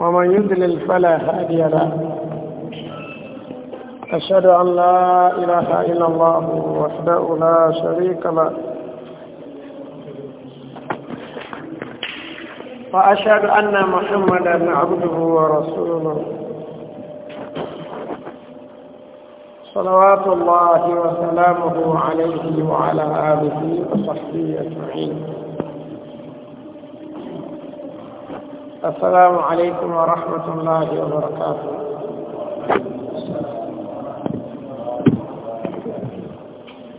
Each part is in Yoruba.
ومن يضلل فلا هادي له أشهد أن لا إله إلا الله وحده لا شريك له وأشهد أن محمدا عبده ورسوله صلوات الله وسلامه عليه وعلى آله وصحبه أجمعين السلام عليكم ورحمة الله وبركاته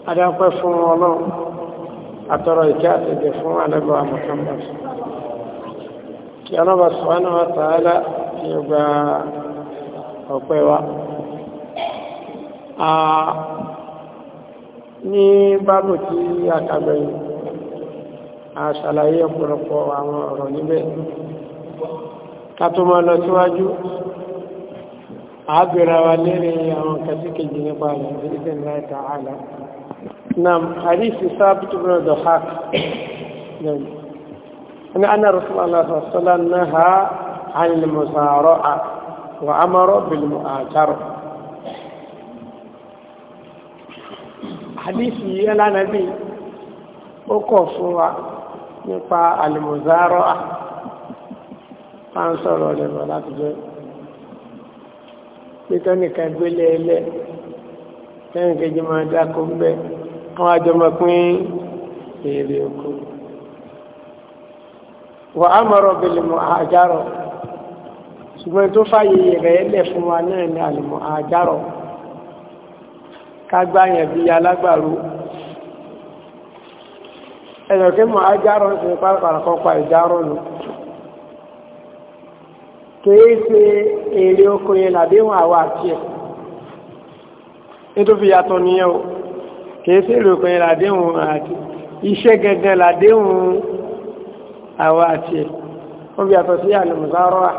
أدعوكم فون الله أترويكات فون على محمد kí ọlọ́bà subhanahu wa ta'ala kí ó gba ọ̀pẹ́ wa ní bábù tí a kàgbẹ̀yìn a ṣàlàyé ọ̀pọ̀lọpọ̀ àwọn ọ̀rọ̀ níbẹ̀ kátó máa lọ síwájú àábìrà wa lérí àwọn kàtíkèjì nípa rẹ̀ ìdíjẹ́ láì tààlà nam àríṣì sábìtì bìrọ̀ dọ̀hák lẹ́yìn أنا رسول الله صلى الله عليه وسلم نهى عن المسارعة وأمر بالمؤاجرة hadisi yìí lánàá bí ó kọ̀ fún wa nípa àlùmọ̀zárọ́ pa ń sọ̀rọ̀ rẹ̀ láti jẹ́ pété nìkan gbélé ẹlẹ́ lẹ́yìn kejì máa dákó ń bẹ́ wọ́n àjọ pín èrè oko wà á mọ̀rọ̀ bẹ̀lẹ̀ àjárọ̀ ṣùgbọ́n tó rẹ̀ fún wa náà ní àjárọ̀ bí alágbàrú kìí ṣe èrè oko yẹn làdéhùn àwa àti ẹ̀ nítorí yàtọ̀ nìyẹn o kìí ṣe èrè oko yẹn làdéhùn àti iṣẹ́ gẹ́gẹ́ làdéhùn àwa àti ẹ̀ wọ́n fi yàtọ̀ sí àlùmùsárọ́à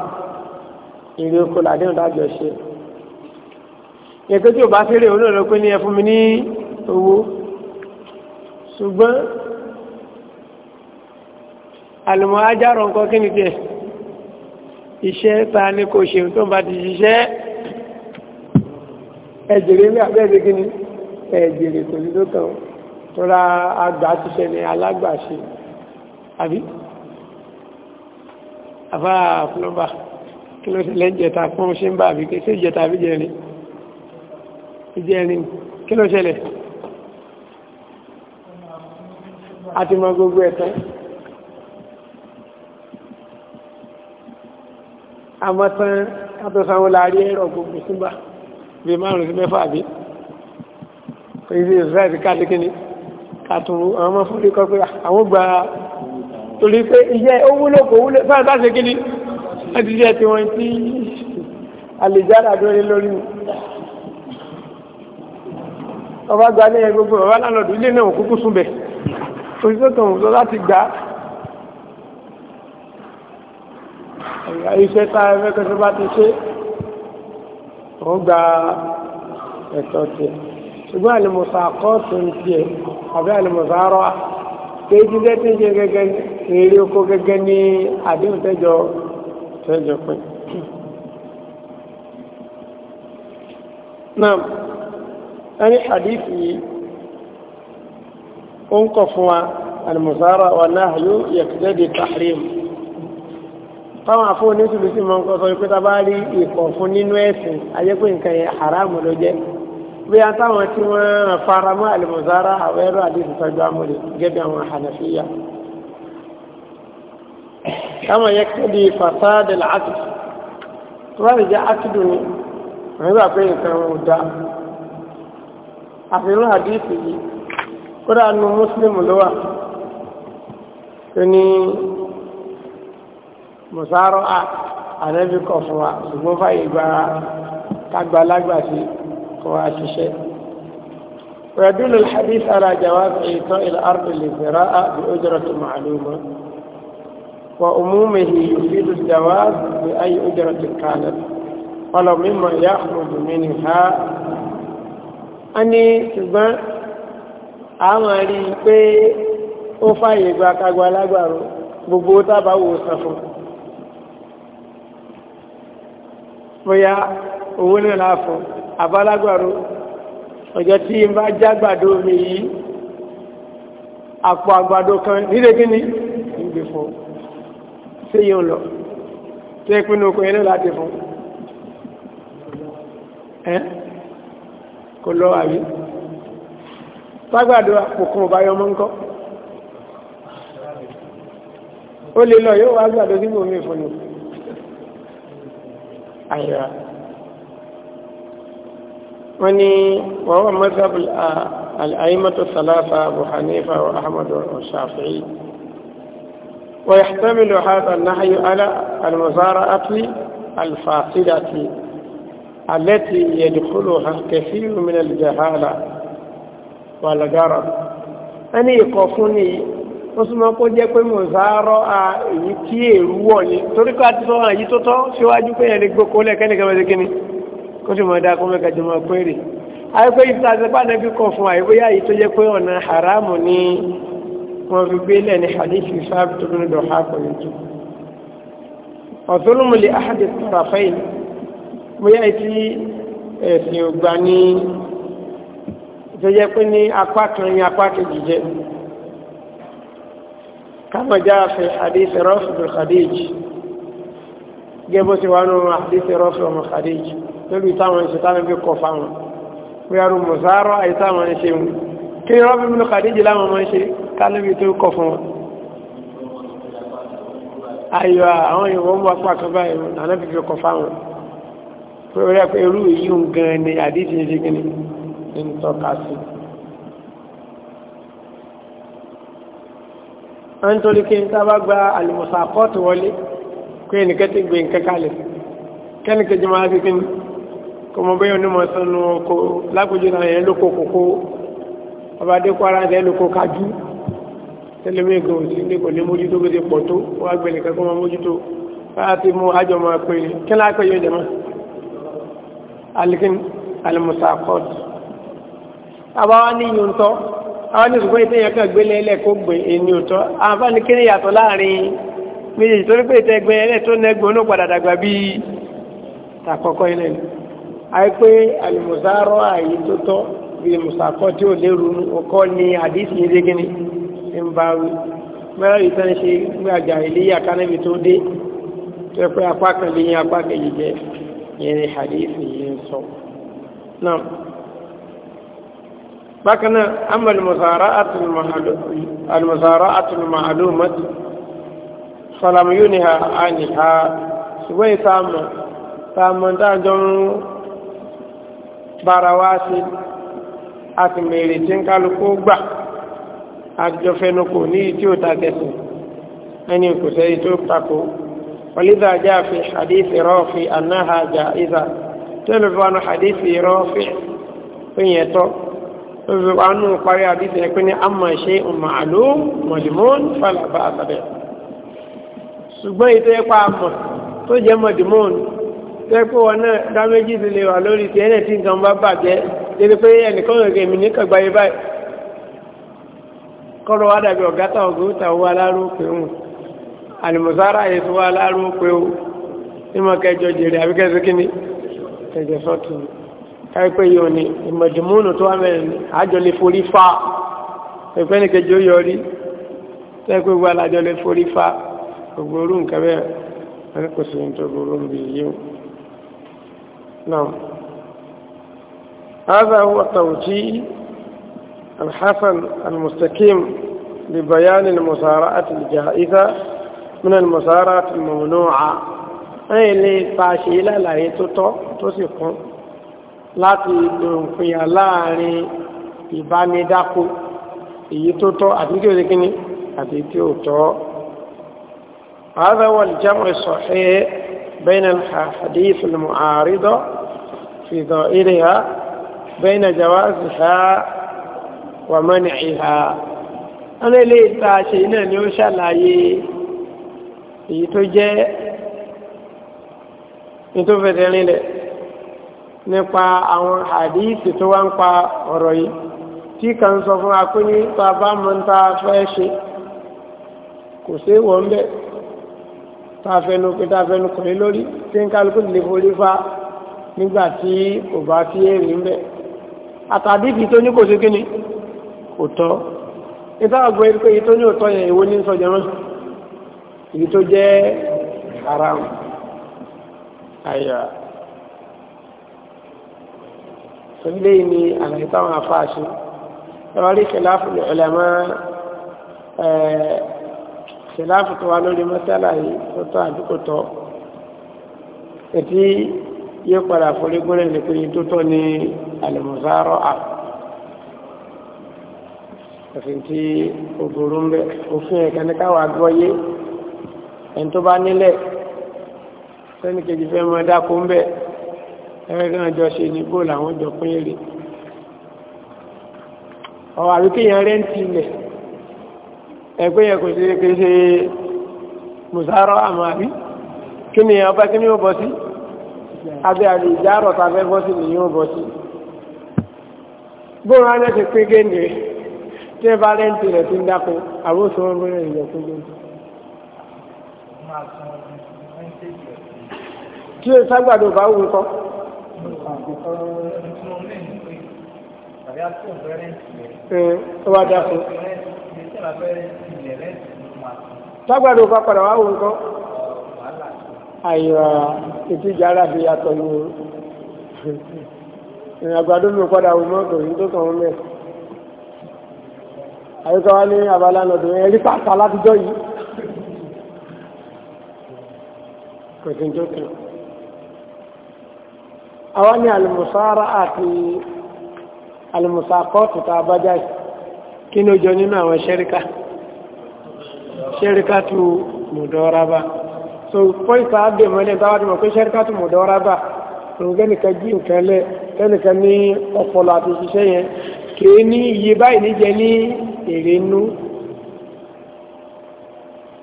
èrè oko làdéhùn dájọ́ ṣe ẹ̀kọ́ tí ò bá fẹ́rẹ̀ olóòrò pé ní ẹ fún mi ní owó ṣùgbọ́n àlùmọ̀ ajáro nǹkan kí ni iṣẹ́ ta ní kò ṣe tó bá ti ṣiṣẹ́ ẹ̀jẹ̀rẹ̀ ní abẹ́ẹ̀dẹ̀ kí ni ẹ̀jẹ̀rẹ̀ kò ní tó kàn tọ́ra àgbà ti ṣẹ ní alágbàṣe àbí àfá flọ́bà kí ló ṣẹlẹ̀ jẹta fún ṣe ń bá àbí kí ṣe jẹta àbí jẹrin kí ló ṣẹlẹ̀ àti mọ gbogbo ẹ̀tàn àmọ́tán àtọ́sánwó láàrí ẹ̀rọ gbogbo símbà bí márùn sí mẹ́fà bí ìsì ìsìláìsì káàdì kíní kàtùrù àwọn ọmọ fúnlé kọ́ pé àwọn gba torí pé iṣẹ́ ó wúlò kò wúlò sáà bá ṣe kíní láti jẹ́ tí wọ́n ti àlèjára dúró lórí ọba gba ní ẹgbogbo ọba lánàá ilé náà kúkú súnbẹ̀ òṣìṣẹ́ tòun sọ láti gbà á iṣẹ́ tá a fẹ́ kẹsọ́ bá ti ṣe ó gba ẹ̀tọ́ tiẹ̀ ṣùgbọ́n àlùmọ̀sá kọ́ọ̀tù ń tiẹ̀ àbí àlùmọ̀sá rọ́ kéjì tẹ́tí ń ṣe gẹ́gẹ́ èrè oko gẹ́gẹ́ ní àdéhùn tẹ́jọ tẹ́jọ pé. náà ẹni àdífì ó ń kọ̀ fún wa àlùmọ̀sá rọ́ wa náà yóò yẹ táwọn àfọwọ́ ní tùlù sí máa ń kọ́ sọ pé tábà rí ìkọ̀ fún nínú ẹ̀sìn ayé pé nǹkan yẹn haramu ló jẹ́ bí a táwọn tí wọ́n fara mọ́ àlùmọ̀sára àwọn ẹ̀rọ àdéhùn tọ́jú amúlẹ̀ gẹ́gẹ́ àwọn hànàfíyà kama yakidi fasad al-aqd tuwari jẹ akidu ni wọn bá pé nǹkan wọn da àfihàn hadithi yìí kódà nu muslim ló wà tó ní mùsàárọ̀ à ànábì kọ̀ fún wa ṣùgbọ́n fàyè gba kágbálágbà sí kó wa ṣiṣẹ́. ويدل الحديث على جواز إيطاء الأرض للزراعة بأجرة معلومة وأمومه يفيد الجواز بأي أجرة كانت ولو مما يخرج منها أني ṣùgbọ́n a máa rí i pé ó fàyè gba kagbalagbàrú gbogbo tábà wò sàn fún un bóyá owó náà láàfọ̀ àbálágbàro ọjọ́ tí n bá jágbàdo mi yìí àpò àgbàdo kan nílé kí ni ń gbé fún ṣé yóò lọ tó ẹ pinnu okùn yẹn náà láti fún ẹ kò lọ àbí tágbàdo àpò kan ọba yọmọ ńkọ ó lè lọ yóò wá gbàdo sí mòmí ìfọ̀nù. أيضا أيوة. وني وهو مذهب آه، الأئمة الثلاثة أبو حنيفة وأحمد والشافعي ويحتمل هذا النهي على المزارعة الفاصلة التي يدخلها الكثير من الجهالة والغرب أني يقفني ó súnmọ́ kó jẹ́ pé mọ̀sárọ́ a èyí tí èrú wọ̀ ni torí ká ti sọ́wọ́n èyí tó tọ́ síwájú pé ẹni gbogbo lẹ́kẹ́ni kan mẹ́sẹ̀ kíni kó sì mọ̀ dá kó mẹ́ka jọmọ péré àyẹ̀pẹ́ yìí tá a ti pa nẹ́bí kan fún àyẹ̀pẹ́ yá yìí tó jẹ́ pé ọ̀nà haramu ni wọ́n fi gbé lẹ́ni hadithi sáàbì tó lónìí dọ̀ha pẹ̀lú tó tó jẹ́ كما جاء في حديث رافض الخديج جابوا سوانو حديث رافض الخديج نبي تاما شيطان بيكو فاما ويارو مزارو اي تاما نشيم كي رافع من الخديج لما ماشي كان نبي توكو فاما ايوه àwọn ìwọ̀n mú apá kan báyìí ànábì fi kọ fáwọn pé يجيني، ẹ̀kọ́ irú ń torí kí n sábà gba àlùmọ̀sà kọ́ọ̀tù wọlé kí ẹnìkan ti gbé nǹkan kalẹ̀ kẹ́nìkejì máa fi kí ni kò mọ bẹ́ẹ̀ onímọ̀ sanu oko lágbèjì náà yẹn lóko kòkó ọba adékò ara yẹn lóko kájú ní yóò jẹ mọ́ alikin alimusakot àbáwá ní àwọn ní ìsìnkú ìtẹ́ yẹn kàn gbélé ẹlẹ́ kó gbé ẹni òtọ́ àǹfààní kí ni yàtọ̀ láàrin méjèèjì torí pé ìtẹ́ gbé ẹlẹ́ tó nẹ́gbẹ́ onípadà dàgbà bíi tàkọ́kọ́ ilẹ̀ ni àìpé àlùmọ̀sárọ̀ àyè tó tọ́ bíi mùsàkọ́ tí ò lérú ọkọ́ ni àdìsí ìdégéni ń bá wí mẹ́rọ̀ ìtàn ṣe gbàgbà ìléyà bákan náà ama al-musara'atu al-ma'lumati salamu yóò ní ha àní ha ṣùgbọ́n ìtaàmù taàmù dájọ́ ń bára wá sí àti mèrè tí ń kálukú gbà àjọfẹnukù ní ìtí ò ta tẹ̀sí ẹni kò sẹ́yìn tó takò ولذا جاء في حديث رافع أنها جائزة تلفون حديث رافع فين lórí wa nù parí àdìsí yẹn pé ní àmà ṣe màálù mọ̀dìmọ́n fàlàbà àtàbẹ̀ ṣùgbọ́n ètò ẹ̀pá àmọ̀ tó jẹ́ mọ̀dìmọ́n tẹ́kọ̀ wọn náà dá méjì ti lè wà lórí ti ẹ̀nẹ̀ tí nǹkan bá bàjẹ́ dédé pé ẹnìkan rẹ̀ mi ní kàgbáyé báyìí kọ́rọ̀ wá dàbí ọ̀gá táwọn gbé ta owó aláró pé òun àlùmọ̀sára yìí tó wá aláró pé òun ní mọ̀ kẹjọ jèrè àbíkẹ́sí kíní kẹjọ sọ́tún ẹgbẹ́ yóò ní ìmọ̀jùmúnù tó wà mẹ́rin àjọ lè forí fa ẹgbẹ́ ní kejì ó yọrí tẹ́gbẹ́ gbogbo alájọ lè forí fa gbogbo orú nǹkan bẹ́ẹ̀ wọ́n kò sí ní tó gbogbo ń bì yíò náà هذا هو توجيه الحسن المستقيم لبيان المسارعة الجائزة من المسارعة الممنوعة أي اللي فاشلة لا يتطو تسيقون láti ìfìyà láàrin ìbánidáko èyí tó tọ́ àti tí ó ti kíní àti tí ó tọ́ هذا هو الجمع الصحيح بين الحديث المعارضة في ظاهرها بين جوازها ومنعها أنا ليه تاشي إنا نيوشا لايه èyí tó jẹ́ ní tó fẹ̀tẹ̀ rinlẹ̀ nípa àwọn àdíìsì tó wá ń pa ọ̀rọ̀ yìí tí kan sọ fún wa pé ní bàbá mọ́ ta fẹ́ ṣe kò sí wọ́n bẹ́ẹ̀ ta fẹnu pé ta fẹnu kọ̀ lé lórí tí ń kálukú lè forí fa nígbà tí kò bá sí èrè ń bẹ̀. àtàdíìsì tó ní kò sí kíni kò tọ́ ìtàgbọ́ ẹ̀rí pé èyí tó ní òtọ́ yẹn ìwó ní sọ sọ́lé ni àlàyé táwọn afáà ṣe lọ́wọ́rí kẹláàfù ulama kẹláàfù tó wà lórí mọ́sálà yìí tó tọ́ àdúgbò tọ́ ètí yóò padà forí gúnrẹ̀ ní pé tó tọ́ ní àlùmọ́sáró à òfin tí òbòrò ń bẹ òfin ẹ̀ka ní káwà gbọ́yé ẹni tó bá nílẹ̀ sẹ́ni fẹ́ mọ́ dákó ń bẹ́ẹ̀ ẹgbẹ́gbẹ́ jọ ṣe ní bóòlù àwọn jọ pín èrè ọ̀wà àríkèyàn rẹ́ǹtì ilẹ̀ ẹgbẹ́ yẹn kò ṣe é kéṣe mùsàárọ̀ àmọ́ àbí kí ni ọba kí ni ó bọ́ sí abẹ́ àlè ìjárọ̀ tá a fẹ́ bọ́ sí ni yóò bọ́ sí bóòlù alẹ́ ti pín géńdé tí ẹ bá rẹ̀ ń dákun àwọn oṣù wọn lórí ìjọ pín géńdé tí o bá wù kọ́ tó bá dáko. tágbàdo bá padà wá wọn kọ́. àyà ìtìjà alábi yàtọ̀ ní o. ìrìn àgbàdo mi padà wọ mọ́tò yìí tó kàn wọ́n mẹ́. àyíká wa ní abala lọ́dún ẹ̀rí pàtàkì látijọ́ yìí. kò sí ní tó kàn àwọn ní alìmùsára àti alìmùsàkọ́tù tá a bá jáde kí ní ó nínú àwọn ṣẹ́ríkà ṣẹ́ríkà tó mùdọ́raba so pọ́ìsà ábẹ̀ mọ́lẹ̀ táwọn ti mọ̀ pé ṣẹ́ríkà tó mùdọ́raba òun kẹ́nìkan jí nǹkan lẹ̀ kẹ́nìkan ní ọpọlọ àti òṣìṣẹ́ yẹn kìí ní iye báyìí níjẹ ní èrè nú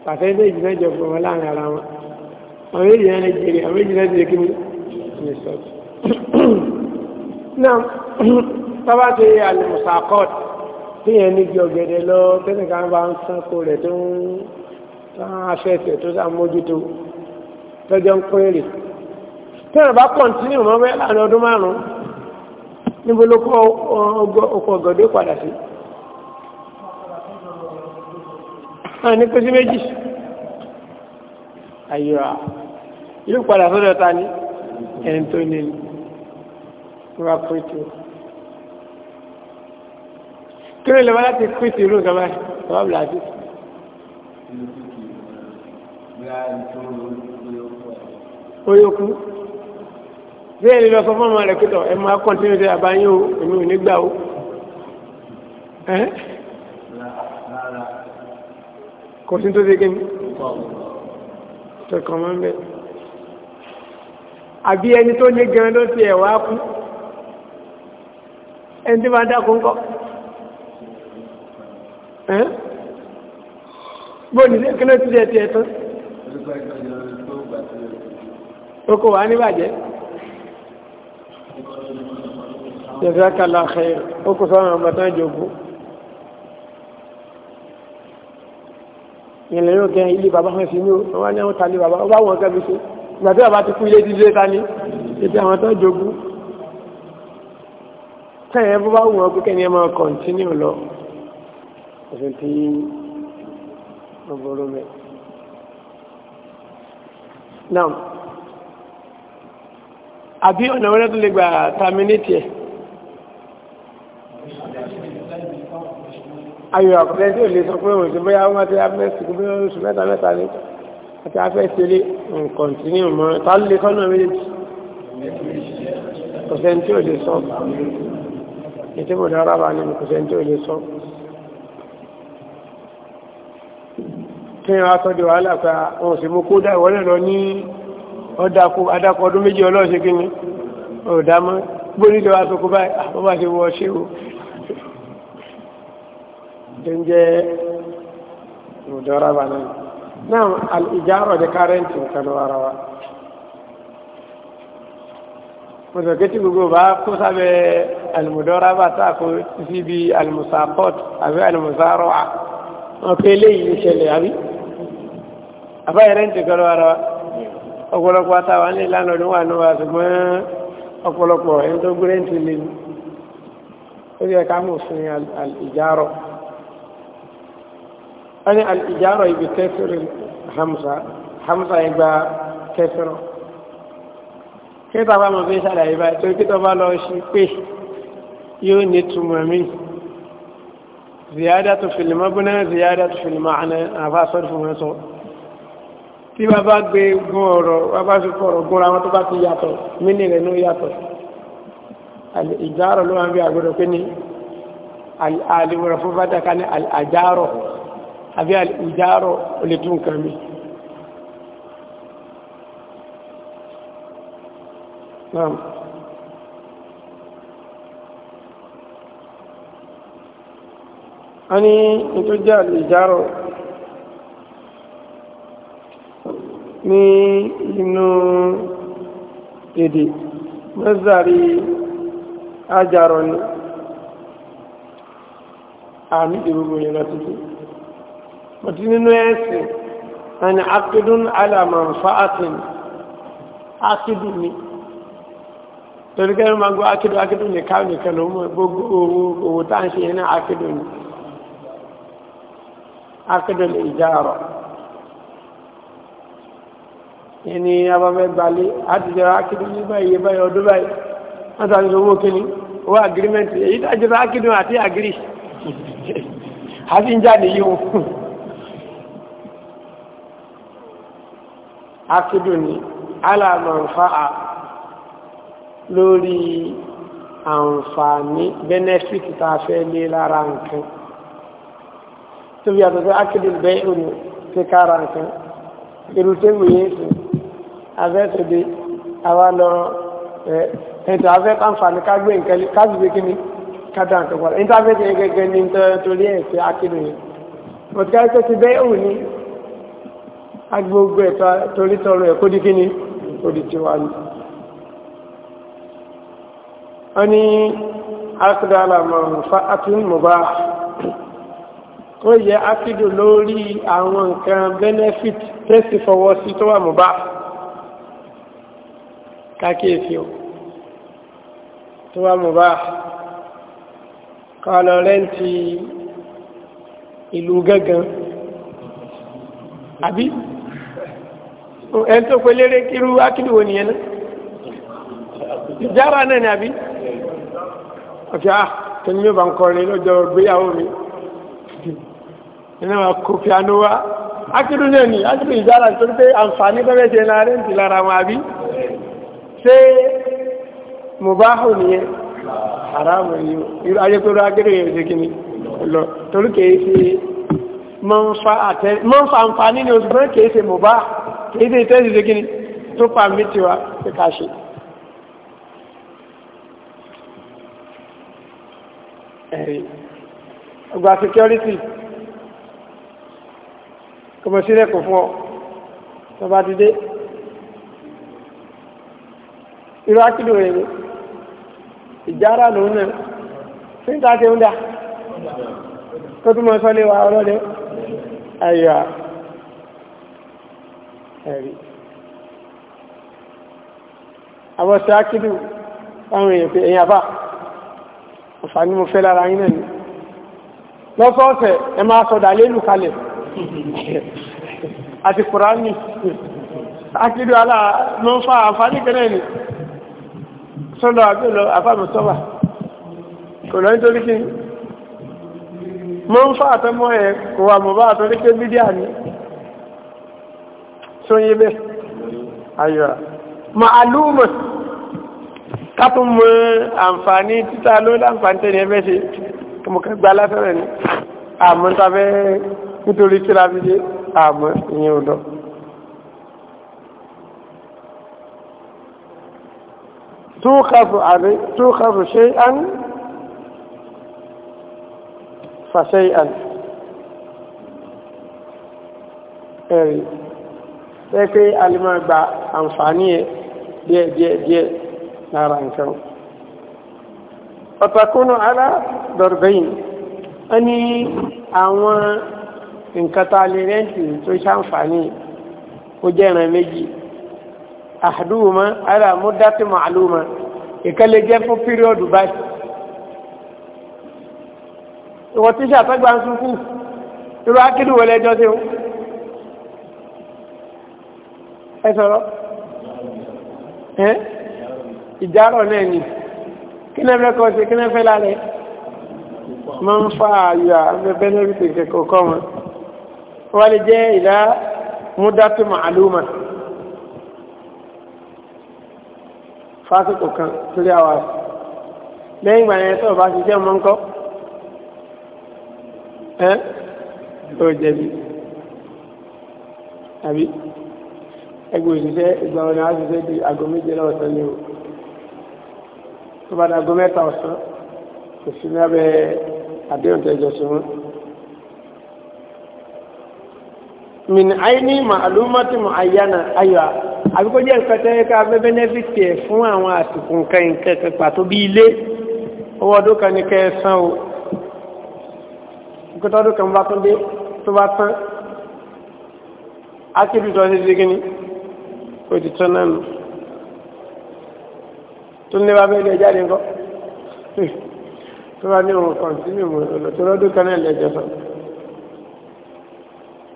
pàtẹ́lẹ́ ìjìnlẹ́jọ fún wọn láàrin ara wọn àwọn èjì náà lè jèrè àwọn èjì lè jèrè kí ni ìṣọ́tù náà tọ́ba ṣe alimusakot tí yẹn níbi ọ̀gẹ̀dẹ̀ lọ tẹ́nìkan bá ń sanko rẹ̀ tó ń tán afẹ́fẹ́ tó sá mójútó tọ́jọ́ ń pín rè tẹ́nà bá kọ̀ntínú mọ́ bẹ́ẹ̀ láàrin ọdún márùn-ún níbo ló kọ́ ọkọ̀ ọ̀gọ̀dẹ̀ padà sí. a ní pẹ́sí méjì ayọ̀ ìlú padà sọ́dọ̀ ta ni ẹni tó ní tó bá pètè kí ló lè wá láti pètè irú nǹkan báyìí tó bá bìlà sí. oyókù bí ẹni lọ sọ fún ọmọ rẹ pẹtọ ẹ máa kọ́ntínú sí àbáyé o èmi ò ní gbà o kò sí tó ṣe kí ni tọkàn máa ń àbí ẹni tó ní gan ló ti kú ẹni máa dákò ń kọ́ bóòdì sí kíló ti jẹ́ ti ẹ̀tún oko wà níbàjẹ́ jẹ́sẹ́kàlá ṣe oko sọ́rọ̀ ọmọ tán ìrìnlẹ̀ yóò gẹ ilé bàbá fẹ́ sí ní ọwọ́ ní àwọn tàlé bàbá wọn gẹ́bí ìgbàtí àwọn tán jogún tẹ́yẹ bó bá wù wọn pé kẹ́ni ẹ máa kọ̀ǹtínú lọ ẹ̀sìn tí ọgbọ̀rọ̀ mẹ́. náà àbí ọ̀nà wọn tó lè gbà tàmínétì ẹ̀ ayọ̀ àkọsẹ́ tí ò lè sọ pé òun ṣe bóyá wọn ti abẹ́sì kú bí wọ́n oṣù mẹ́ta mẹ́ta ní àti afẹ́sì lé kọ̀ǹtínú mọ́ tá lè kọ́nà méjèèjì kọ̀sẹ́ tí ò lè sọ ètò ìmọ̀dárábà ní kùsẹ̀ tí ó lè sọ kí wọ́n á tọ́jú wàhálà pé wọn sì mú kó dá ìwọ́lẹ̀ lọ ní adákọ̀ ọdún méjì ọlọ́ọ̀ṣẹ́ kí ni ọ̀dámọ́ gbórí lọ́wọ́ àtọkọ báyìí àbọ̀bá ṣe tó ń jẹ́ ìmọ̀dárábà mọ̀tòkẹ́tì gbogbo bá kó sábẹ́ àlùmọ̀dọ́rábà tá a kó síbi àlùmọ̀sàkọ́t àbí àlùmọ̀sàrọ̀ à wọn pé eléyìí ìṣẹ̀lẹ̀ àbí àbáyẹrẹ ń tẹ̀kọ́ lọ́wọ́ ara ọ̀pọ̀lọpọ̀ àtàwọn ní ìlànà ọdún wà náà ṣùgbọ́n ọ̀pọ̀lọpọ̀ ẹni tó gbé ń tilé ní ó ṣé bàbá mọ̀ bí ṣàlàyé báyìí tó kí tó bá lọ sí pé yóò ní túmọ̀ mí ziyada tó fìlì mọ́bùnà ziyada tó fìlì mọ́ àná àfa sọ́dọ̀ fún wọn sọ tí bàbá gbé gún ọ̀rọ̀ bàbá fi kọ̀rọ̀ gúnra wọn tó bá ti yàtọ̀ mí ní rẹ̀ ní ó yàtọ̀ ìjárọ̀ ló wà ń bí àgbẹ̀rọ̀ pé ní alìmọ̀rọ̀ fún bàtà ká ní àjárọ̀ àbí àlìjárọ̀ olè tún kàn mí. náà a ní ètò jẹ́ àlèjárọ̀ ní inú èdè mẹ́sàrí ajarọ̀ ni àmì ìrúgbò yẹn láti fi ọ̀tí nínú ẹ̀sìn ẹni akidun torí kẹ́rù máa gbọ́ akédò akédò nìkan nìkan ló mọ̀ gbogbo owó owó tá à ń ṣe yẹn náà akédò ni akédò lè já ọ̀rọ̀ yẹn ni abafẹ́ gbalẹ̀ àtijọ́ akédò ní báyìí yẹ báyìí ọdún báyìí wọ́n sàbí owó kínní owó agirimẹ́ntì èyí tá àjọba akédò àti agiri àti ń jáde yìí wọn. akédò ni alàmọ̀ nfa à lórí àǹfààní benefit tá a fẹ́ lé lára nǹkan tó bí àtọ́sẹ́ akédèlú bẹ́ẹ̀ òní tí kára nǹkan irú tébù yìí sùn afẹ́tòdé àwa lọ ẹ̀tọ́ afẹ́ káǹfààní kágbé nǹkan kágbé kíni kádà nǹkan padà níta afẹ́ tẹ̀yẹ gẹ́gẹ́ ní torí ẹ̀sẹ̀ akédèlú yẹn bọ̀tí ká ẹ̀sẹ̀ ti bẹ́ẹ̀ òní agbógbó ẹ̀tọ́ torítọrọ ẹ̀kó di kíni kó di tiwa ni. Ani ní akídàlà mọ̀rùnfà àtúnmọ̀bá ó yẹ akídò lórí àwọn nǹkan benefit tẹ́sì fọwọ́ sí tó wà mọ̀bá kákíyèsí o tó wà mọ̀bá kọlọ rẹ́ǹtì ìlú gángan àbí ẹni tó pelére kírú akídò wò nìyẹn náà ìjára náà ni àbí ọ̀fíà ah, tẹni mi bá ń kọrin lọ́jọ́ ìgbéyàwó mi nínú àkó piano wa akídú náà ni akídú ìjára nítorí pé àǹfààní bẹ́ẹ̀ ṣe náà rẹ̀ ń ti lára wọn àbí ṣé mubahu nìyẹn haramu yìí ayépẹ́rọ agẹ́rẹ́ yẹn ṣe kíni lọ torí kìí ṣe mọ́nfà àǹfààní ni oṣù bẹ́ẹ̀ kìí ṣe mubah kìí ṣe ìtẹ́sí ṣe kíni tó pa mí tiwa ṣe ká ṣe. ẹ̀rí ọgbà security kọmọsílẹ̀ kò fún ọ tọba dídé irú akílò rẹ̀ ni ìjára lòun náà fíńtà ṣe ń dà tó túnmọ̀ sọ́lé wa ọlọ́dẹ ayà ẹ̀rí àwọn ṣe akílò àwọn èèyàn pé èèyàn bá ọ̀sà ni mo fẹ́ lára yín náà ni lọ́sọ̀ọ̀sẹ̀ ẹ máa sọ̀dà lélù kalẹ̀ àti kùránì akídò aláàmọ́fà àǹfààní kẹ́rẹ́ ni sọ́lọ́ àgbélọ àfàmùsọ́wà kò lọ nítorí kí mọ́fà àtọ́mọ́ ẹ̀ kò wà mọ̀ bá àtọ́rí pé bídí àní sóyébẹ̀ ayọ̀ màálùmọ̀ kátó mọ àǹfààní títà ló láǹfààní tẹ́lẹ̀ ẹgbẹ́ ṣe kí mo kẹgbà lásẹ̀rẹ̀ ni àmọ́ tàbẹ́ nítorí tí láti ṣe àmọ́ ìyẹn ò lọ. túkàfù àrí túkàfù ṣe án fàṣẹ àn ẹ̀rí pé pé gba àǹfààní ẹ̀ díẹ̀ lára nǹkan ọ̀tàkùnà aládọ̀rọ̀bẹ̀yìn ó ní àwọn nǹkan tá a lè rẹ́ǹtì tó ṣàǹfààní ó jẹ́ ìran méjì àdúgbò aláàmúdátì màálùmá ìkẹ́lẹ̀ jẹ́ fún píríọ̀dù báyìí ìwọ̀n tí ṣàtọ́gbà ń sunkún irú akídù wọlé ẹjọ́ sí wọn ẹ sọ̀rọ̀ ẹ́ ìjárọ̀ náà ni kí náà fẹ́ kọ́ sí kí náà fẹ́ lálẹ́ máa ń fa ààyò àbẹ̀bẹ̀ náà wípé kẹ̀kọ́ kọ́ wọn wọ́n lè jẹ́ ìdá múdátù màálùmá fásitì kan torí àwọn àti lẹ́yìn ìgbà yẹn tó bá ti jẹ́ ọmọ ńkọ́ ẹ́ tó jẹ̀bi àbí ẹgbẹ́ òṣìṣẹ́ ìgbà wọn ni wọ́n á ṣiṣẹ́ di aago méje lọ́wọ́ sọ́lé o tó bá dàgbọ́ mẹ́ta ọ̀sán kò sí lábẹ́ àdéhùn tẹ́jọ sí wọn. min aini ma'alumati mu'ayyana aywa àbí kó jẹ́ nǹkan tẹ́ ká bẹ́bẹ́ nẹ́fìtì ẹ̀ fún àwọn àsìkò nǹkan nǹkan kan pàtó bí ilé owó ọdún kan ní kẹ́ san o nǹkan tọ́dún kan bá tún dé tó bá tán á kí ibi tó ṣe ṣe ti tán tó ní bá fẹ́ lé jáde ńkọ́ tó bá ní òun kọ̀ǹtínú tó lọ́dún kan náà lẹ́jọ́ sọ.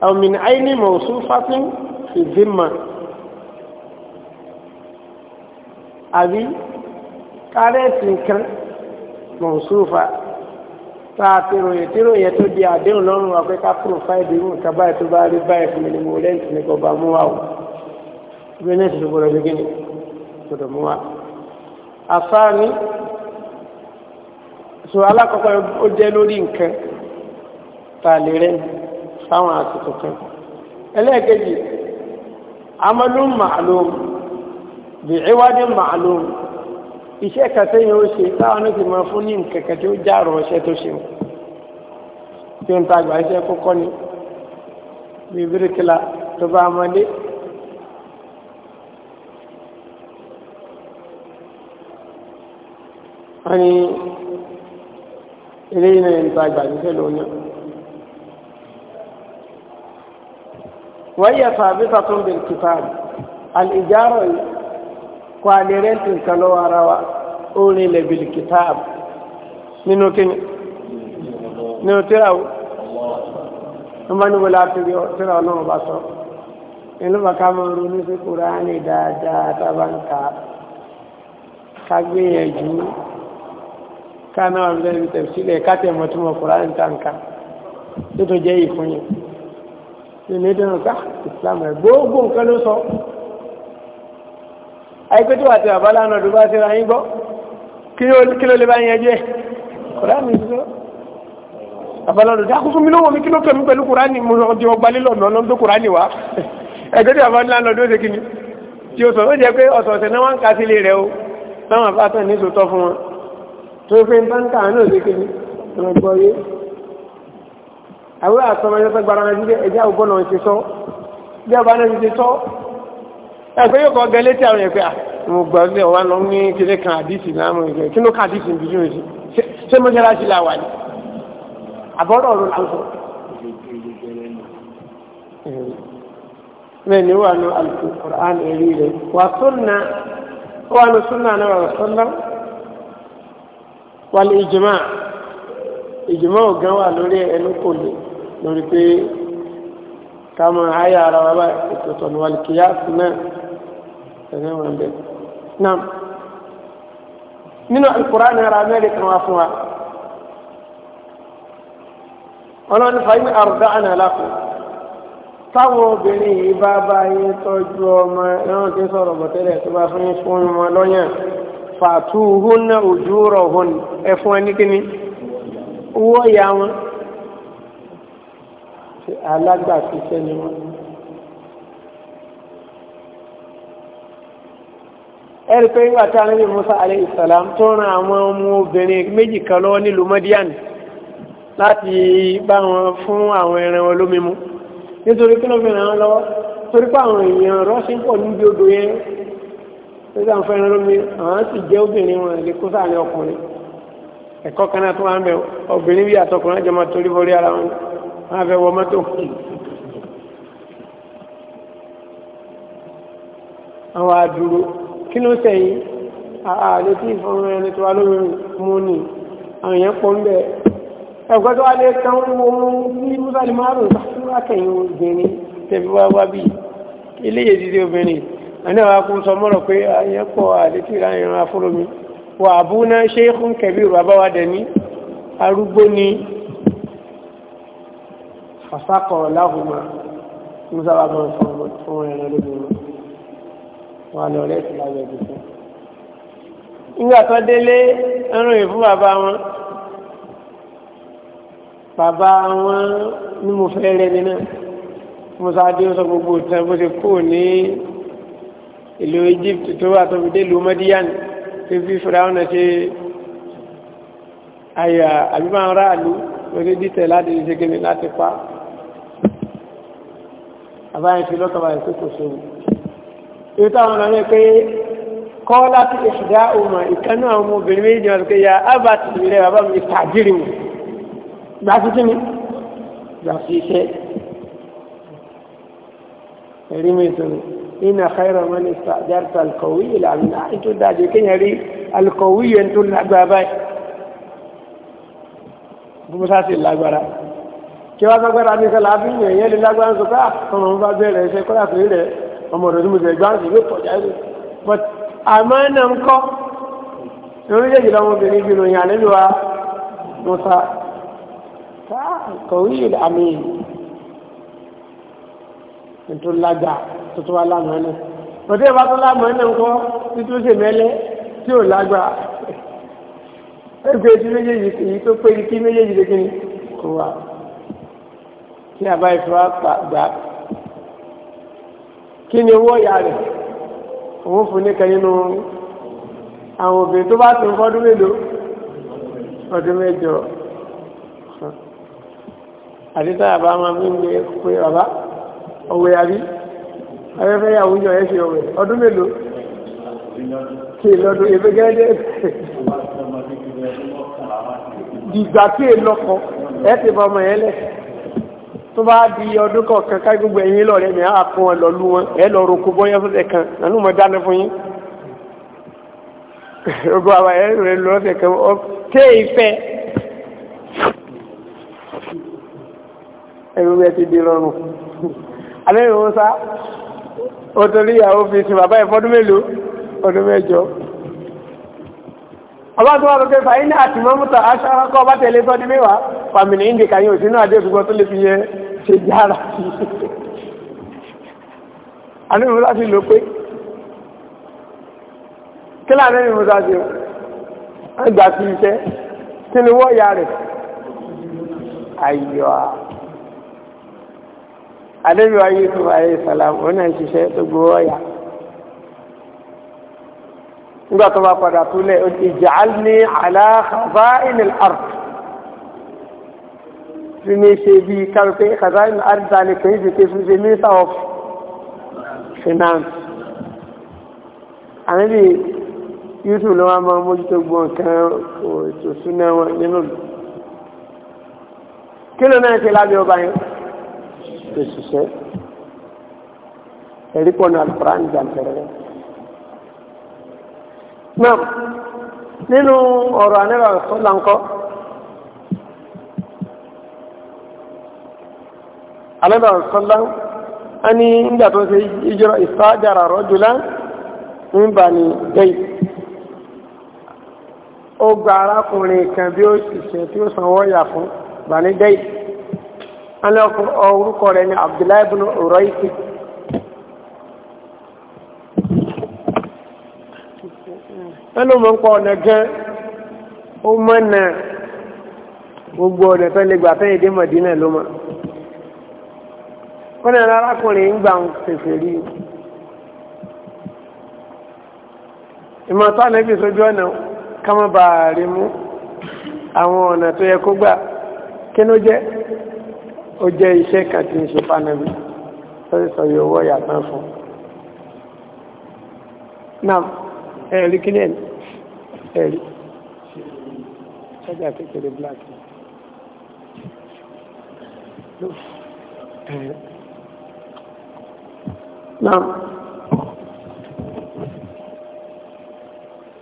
àwọn mìíràn àìní mọ̀ọ́sùn fásitì fi zimma àbí kárẹ́ẹ̀tì nǹkan mọ̀ọ́sùfà tá a ti ròyìn tí ròyìn tó di àdéhùn lọ́rùn wa pé ká pòròfáìdì irú nǹkan báyìí tó bá rí báyìí fún mi ni mo lẹ́ǹtì ní kò bá mú wa o bí ẹni tí gbọdọ̀ gbé ní gbọdọ̀ mú wa àfáàní so alákọ̀ọ́kọ́ ó jẹ́ lórí nǹkan tààlé rẹ̀ fáwọn àsìkò kan ẹlẹ́ẹ̀kejì amalu ma'lum bi iwadi ma'lum iṣẹ́ kàtẹ́yìn ó ṣe táwọn ti máa fún ní nǹkankan tí ó járọ̀ ọṣẹ́ tó ṣe tí ó ta àgbà iṣẹ́ kọ́kọ́ ni bí bíríkìlà tó bá ọmọdé wọ́n ní ilé iná ẹni tó àgbà níṣẹ́ ló yàn. wọ́n yẹ fàbí fatún bẹ̀rẹ̀ kìfàbí alìjárọ̀ yìí kọ́ àdìrẹ́ntì nǹkan lọ́wọ́ ara wa ó ní ilẹ̀ bẹ̀rẹ̀ kìfàbí nínú kíni nínú tíráwó ọmọ ní wọlé àtúndì tíra ọlọ́run bá sọ ìlú bàkà mọ ronú sí Kùránì dáadáa tábà ń ka ká Kana náà wà lẹ́nu tẹ̀sílẹ̀ ká tẹ̀ mọ́ tí mo kọ̀ láti ta nǹkan tó tó jẹ́ ìfún yẹn nínú ìdánwò ká ìsìlámù ẹ̀ gbogbo nǹkan ló sọ àìpé tí wà tí bàbá lánàá ló bá ṣẹra yín gbọ́ kí ló lè bá yẹn jẹ́ kùránì sọ bàbá lánàá dá kúkú mi ló wọ̀ mí mo sọ ti ọgbà lílọ̀ nà ọ́nà tó kùránì wá ẹgbẹ́ tí bàbá lánàá ló ṣe kí o sọ ó jẹ́ pé ọ̀sọ̀ọ̀sẹ̀ náà wọ́n ń ka sílé rẹ̀ o náà wọ́n bá tàn ní sòtọ́ fún tó fi ń báńkà náà lé kéde ọmọ gbọ́ yé àwọn àtọmọ ẹgbẹ́ gbàgbára náà jíjẹ ẹjẹ́ àwògbọ́n náà ti sọ bí ọba náà ti ti sọ ẹgbẹ́ yóò kọ́ gẹ́lé tí àwọn ẹgbẹ́ mo gbọ́ bí ọba lọ ní kíní kan àdìsí náà mo ìgbẹ́ kí ló àdìsí níbi yóò ṣe ṣé mo ṣẹlá sí làwà ni àbọ̀rọ̀ ọ̀rọ̀ là sọ. mẹ́ni wà ní alùpùpù Qur'an ẹ̀rí rẹ̀ wà sunna wálé ìjùmọ̀ ìjùmọ̀ ògán wà lórí ẹnu kò lè lórí pé ká mọ ayé ara wa bá ìtòtò ní wàlì kìyà sí náà ẹ̀rẹ́ wọn bẹ́ẹ̀. náà nínú Al-Qur'an ní ara mẹ́rin kan wá fún wa ọlọ́ni fàyín àrùdá àná táwọn obìnrin yìí bá bá yín tọ́jú ọmọ ẹ̀rọ kí sọ̀rọ̀ bọ̀tẹ́lẹ̀ tó bá fún yín fún ọmọ lọ́yàn fàtúhún náà ujurahun ẹ̀fún ẹni kíní owó ìyá wọn ṣe alágbàṣiṣẹ́ ni wọ́n. ẹ̀rí pé nígbà tí anábì Musa alayhi salam tó ran àwọn ọmọ obìnrin méjì kan lọ́wọ́ nílùú Madian láti bá wọn fún àwọn ẹran wọn lómi mu nítorí kí ló fi lọ́wọ́ torí àwọn èèyàn rọ́ṣípọ̀ níbi odò yẹn nígbà ń fẹ́ràn lómi àwọn ti jẹ́ obìnrin wọn lè kó sáà ní ọkùnrin ẹ̀kọ́ kan náà tó máa ń bẹ obìnrin bí àtọkùnrin àjọ máa torí borí ara wọn máa fẹ́ wọ mọ́tò. àwọn àdúró kí ló sẹ́yìn àlè tí ìfọ̀n ẹni tó wá lómi mú ni àwọn èèyàn pọ̀ ń bẹ ẹ̀kọ́ tó wá lé kan wọ́n ní musa lè máa rò sáfúrà kẹ̀yìn obìnrin tẹ̀fíwá wá bí ilé yèdídé obìnrin ẹni wa kún sọ mọ́rọ̀ pé ayẹ́ ah, pọ̀ àdétí ìrànìyàn afúnromi wà àbúná ṣéékún kẹbíru àbáwádẹ ní arúgbó ní fàṣákọ̀ láhùmá musáwàbọ̀ fún ẹ̀rọ lóbìnrin wà lọ rẹ̀ sí lábẹ́ ìgbésẹ̀ nígbà tó délé ẹran ìfún bàbá wọn bàbá mo fẹ́ rẹ̀ nínú musáwàbọ̀ sọ gbogbo ìtàn bó ṣe kú ní ìlú Egypt tó wà tó fi dé ìlú Madian tó fi fìràwọn ṣe àyà àbímọ̀ ara àlú lórí dìtẹ̀ láti ṣe kéde láti pa àbáyé fi lọ́kọ̀ báyìí tó kò sówó èyí táwọn ọ̀nà yẹn pé kọ́ láti ìṣẹ̀dá ọmọ ìkanú àwọn ọmọbìnrin méjì wọn pé ya albert ìrẹ́ bàbá mi tàjírí mu gbà sí kí ni gbà sí iṣẹ́ ẹ̀rí mi tó iná xayira wọn ni sàjárta alkọ̀wé yìí làmì náà ètò dájú kéèyàn rí alkọ̀wé yẹn tó lágbára báyìí bùbùsà sì lágbára kí wọ́n lágbára ní sọlá bí yẹn yẹn lè lágbára sọ pé ọmọ mi bá bẹ̀rẹ̀ ṣe kọ́lá sí rẹ̀ ọmọ rẹ̀ tó ṣe gbáǹsì yóò pọ̀já rẹ̀ but àmọ́ ẹ̀nà ń kọ́ lórí yẹn jìlọ ọmọbìnrin jùlọ yàn nílùú wa musa kọ̀wé yìí làmì yìí tó lágbà tó tó wá lámọ̀ náà òtí ìbá tó lámọ̀ náà ń kọ́ títún ṣe mẹ́lẹ́ tí ò lágbà ẹgbẹ́ tí méjèèjì èyí tó pé kí méjèèjì lé kíni kò wá kí àbá ìfura gbà kí ni owó ìyá rẹ̀ òun fún ní kan nínú àwọn obìnrin tó bá ti ń fọ́dún mélòó ọdún mẹ́jọ àti táyà bá máa ń gbé pé bàbá ọ̀wẹ̀ àbí afẹ́fẹ́ yàwó yọ ẹ́ ṣe ọ̀wẹ̀ ọdún mélòó kí lọ́dún èmi gẹ́gẹ́ dìgbà kí è lọ́kọ ẹ ti bọ́ ọmọ yẹn lẹ̀ tó bá di ọdún kọ̀ọ̀kan ká gbogbo ẹ̀yìn lọ́rẹ́ mi á kún ọ lọ́lú wọn ẹ lọ roko bọ́yọ́ fúnṣẹ̀ kan nánú mọ̀ dáná fún yín ogun àwọn ẹ̀ rẹ̀ lọ́sẹ̀ kan ọ tẹ́ ìfẹ́ ẹ̀rù rẹ̀ ti di rọrùn. alẹ́rìí Musa ó torí ìyàwó fi bàbá ìfọdún mélòó ọdún mẹ́jọ ọba tó wà lókè fàyín ní àtìmọ́mútà aṣáákọ́ ọba tẹ̀lé tọ́dún mẹ́wàá pàmìlì ìndì kàyín òsínú àdé òṣùgbọ́n tó lè fi yẹ ṣe jára ní àdébí wa Yusuf ayé sàlám òun náà ń ṣiṣẹ́ tó gbowó ọ̀yà nígbà tó bá padà túlẹ̀ ó ti ja'alni ala khaza'inil ard tí ní ṣe bí kárùpé khaza'inil ard dání kò ní ṣe pé fún ṣe minister of finance àdébí Yusuf ló wá máa mójútó gbọ́n kan òṣùṣúná wọn nínú kí ló náà ṣe lábẹ́ ọba yẹn tó ṣiṣẹ́ ẹ̀rí pọ̀nà alukoran jàǹtẹ̀rẹ̀ rẹ̀. náà nínú ọ̀rọ̀ àníwá sọ́là ńkọ́ àníwá sọ́là á ní nígbà tó ṣe ìjọ ìsájára rọ́jùlá ń bà ní gẹ́yì ó gba arákùnrin kan bí ó ṣiṣẹ́ tí ó sanwó ọ̀yà orúkọ rẹ̀ ni Abdullahi ibn Uraisi ẹnu mọ̀ ń ọ̀nà gan ó mọ̀ gbogbo ọ̀nà tó lè gbà fẹ́yìn dé ló mọ̀ arákùnrin ń gbà ń fèfè rí ìmọ̀tọ́ sójú ọ̀nà ó jẹ́ iṣẹ́ kan tí ń ṣe fánàbí sọ́sọ́ yóò wọ́ yàtọ̀ fún náà ẹ̀rí kí ní ẹ̀rí ṣẹ́jà kékeré black náà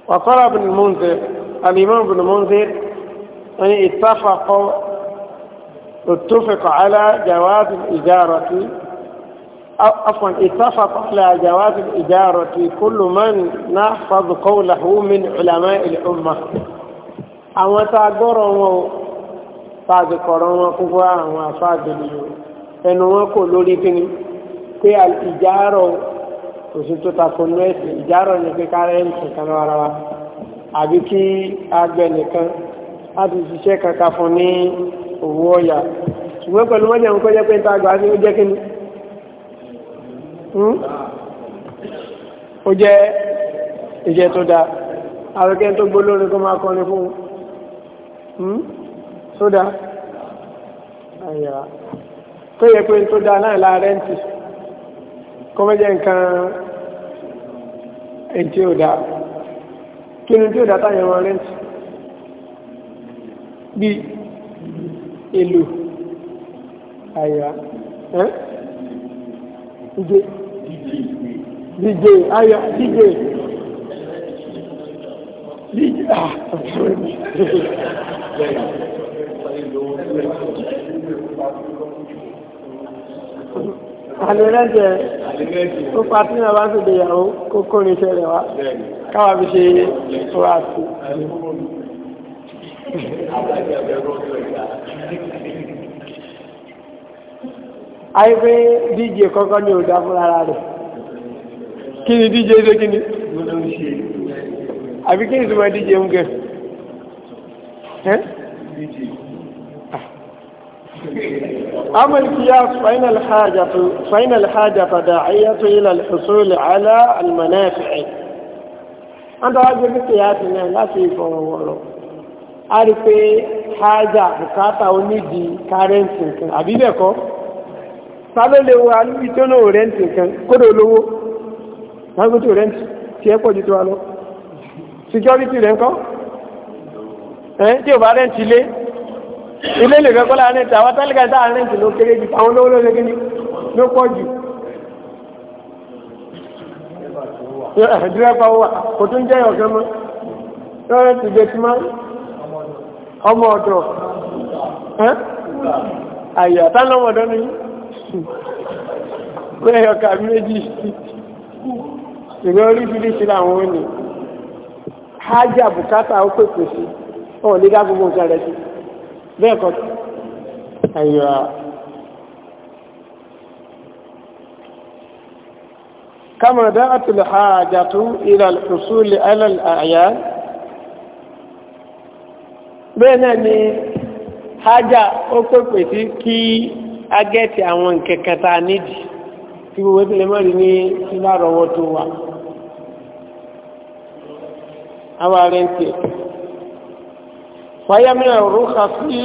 وقال ابن المنذر الإمام ابن wọ́n أن اتفقوا اتفق على جواز الإجارة عفوا اتفق على جواز الإجارة كل من نحفظ قوله من علماء الأمة àwọn tá a gbọ́rọ̀ wọn o tá a dìkọ̀rọ̀ wọn púpọ̀ àwọn afáàgbèlè o ẹnu wọn kò lórí kíni pé ìjárọ̀ kò sí tó takò ní ẹ̀sìn ìjárọ̀ ní kíkárẹ́ ẹ̀sìn kan ara wa àbí kí agbẹnìkan láti ṣiṣẹ́ kankan fún ní òwò ọ̀yà ṣùgbọ́n pẹ̀lú mọ́jà ń kọjá pé ń ta àgbà ní ó jẹ́ kíni hmm? ó jẹ́ ìjẹ́ tó dáa àwẹ́kẹ́ tó gbólórí kó máa kọrin fún un hmm? tó dáa àyà tó yẹ pé tó dáa náà láàárẹ̀ ń tì kó mọ́jẹ́ nǹkan ẹ̀ tí ó kí ni tí ó dáa táyẹ̀ wọn rẹ̀ bíi èlò àyà dj dj àyà dj dj ah àlèrẹ́jẹ̀ ó pàtí náà bá sì gbéyàwó kó kórin iṣẹ́ rẹ̀ wá káwà fi ṣe ọ̀rọ̀ àti ayé pé díje kọ́kọ́ ní òdá fún ara rẹ̀ kí ni díje ṣe kí ni àbí kí ni túnmọ̀ díje ń gẹ̀ عمل قياس فإن الحاجة فإن الحاجة داعية إلى الحصول على المنافع أنت واجب قياس لا تفهم والله a rí pé hájà bùkátà onídìí kárẹ́ǹtì nǹkan àbí bẹ́ẹ̀ kọ́ sáló lè wo alúbí tó náà rẹ́ǹtì kan kódò olówó wọ́n gbé tó rẹ́ǹtì tí ẹ pọ̀ jù tó wa lọ security rẹ̀ ńkọ́ ẹ̀ tí ò bá rẹ́ǹtì ilé ilé lè fẹ́ kọ́lá rẹ́ǹtì àwọn tálíkà tá rẹ́ǹtì ló kéré jù àwọn olówó ló kéré ló wà kò tún jẹ́ ọ̀gá mọ́ lọ́rẹ́ ti gbé tí máa ọmọ ọ̀dọ̀ àyà tánà ọmọ ọ̀dọ̀ nìyí bẹ́ẹ̀ ọkà méjì ìwé oríṣiríṣi làwọn ò ní hájà bùkátà ó pèpè sí ọ̀ lé dá gbogbo nǹkan rẹ̀ sí bẹ́ẹ̀ kọ́ àyà كما دعت الحاجة إلى الحصول على الأعيان bẹ́ẹ̀ náà ni hájà ó pèpè sí kí agẹ́ẹ̀tì àwọn nkekata tá a nídìí tí gbogbo ìpínlẹ̀ mọ́rin ní sílá rọwọ́ tó wà àwọn arẹ́ ń tẹ̀. wáyé mìíràn rú ka sí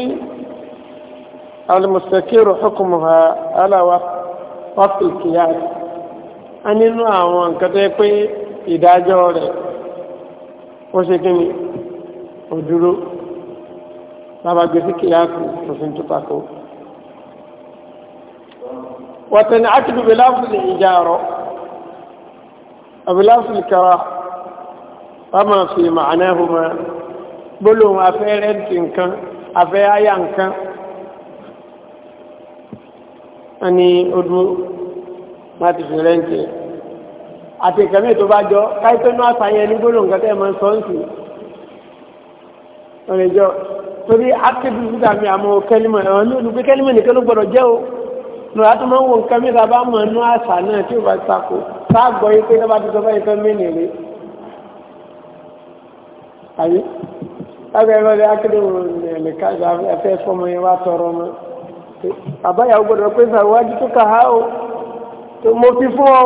a nínú àwọn nǹkan pé ìdájọ́ rẹ̀ ó ṣe kí ni òdúró bàbá gbèsè وتنعكد بلفظ الإجارة بلفظ الكراهة فما في معناهما بلوم أفيرنتين كان أفيايان كان أني أدو ما تفيرنتين àti ìkàmí ètò bá jọ káìpẹ́ náà sàyẹn ní gbólóhùn nǹkan tẹ́ ẹ̀ máa ń sọ ń sì ọ̀rẹ́jọ́ torí ákébí fúdà mi àmọ́ kẹ́límọ̀ ẹ̀wọ̀n ní olùgbé kẹ́límọ̀ nìkan ló o nùrọ̀ àti máa ń wo nǹkan mìíràn bá mọ̀ nú àṣà náà tí ò bá takò sáàgbọ́ yìí pé dábàá tuntun báyìí fẹ́ mìíràn rè ayé lábẹ́ ẹ̀rọ rẹ̀ akéde ẹ̀lẹ́ka ẹ̀fẹ́ fọmọ yẹn wá tọrọ mọ́ àbáyàwó gbọdọ̀ pé sàwájú tó kà á o mo fi fún ọ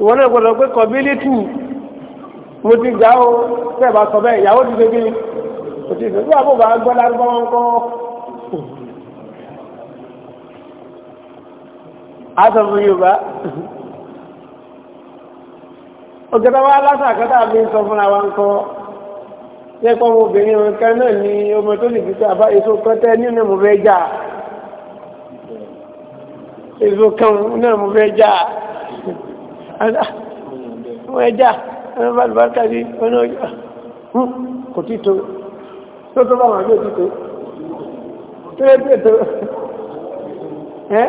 ìwọ náà gbọdọ̀ pé kọ̀bílítì mo ti gbà ó bẹ́ẹ̀ bá sọ bẹ́ẹ̀ ìyàwó ti ṣe kí ni kò ti ṣe bí aṣọ fún yorùbá ògẹ́ta wá lásàkátà bí ń sọ fúnra wa ń kọ́ lẹ́pọ̀ obìnrin ọ̀kan náà ni ọmọ tó lè fi sọ àbá èso kọ́tẹ́ nínú mo fẹ́ jà èso kan náà mo fẹ́ jà mo fẹ́ jà ẹni bá lùbá kájí ọ̀nà ọjọ́ kò tí tó tó tó bá wọn àbí òtítọ́ tó lè tó ẹ́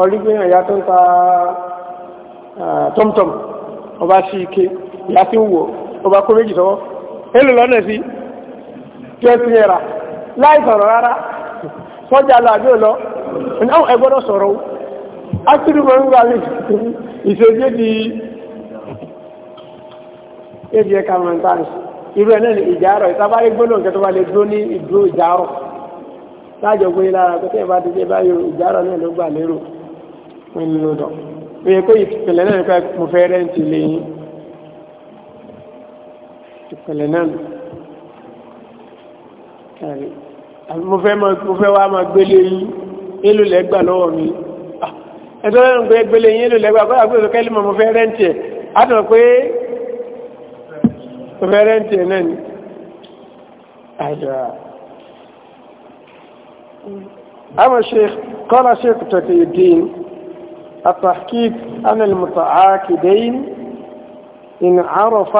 ọ̀rígbìyàn ìyá tó ń ta tọmtọm ọba sí ike ìyá tí ń wò ọba kó méjì sọ́wọ́ èlò lọ́nà sí twenty naira láì sọ̀rọ̀ rárá sọ́jà lọ àbí òlọ́ ẹ̀náwó ẹgbọ́dọ̀ sọ̀rọ̀ o ásìrì di ebi ẹ̀ka mọ̀ntánì irú ẹ̀ náà ìjà àrọ̀ ìtàbárí gbóná nǹkan tó bá lè dúró ní ìdúró ìjà gbé lára pé ẹ bá ti dé báyìí ìjà náà ló ń lò dọ̀ ó yẹ kó ìpìlẹ̀ náà nípa mo fẹ́ rẹ́ǹtì lẹ́yìn ìpìlẹ̀ náà kàrí mo fẹ́ mo fẹ́ wá máa gbélé yín èlò lẹ́gbà lọ́wọ́ mi ẹ̀tọ́ náà ń gbélé yín èlò lẹ́gbà kó àgbélé kẹ́lí mo fẹ́ rẹ́ǹtì ẹ̀ á tọ̀ pé mo fẹ́ rẹ́ǹtì ẹ̀ náà ni àjọ àmọ́ ṣe kọ́lá ṣe kùtọ̀kì ìdíyìn. التحقيق أن المتعاقدين إن عرف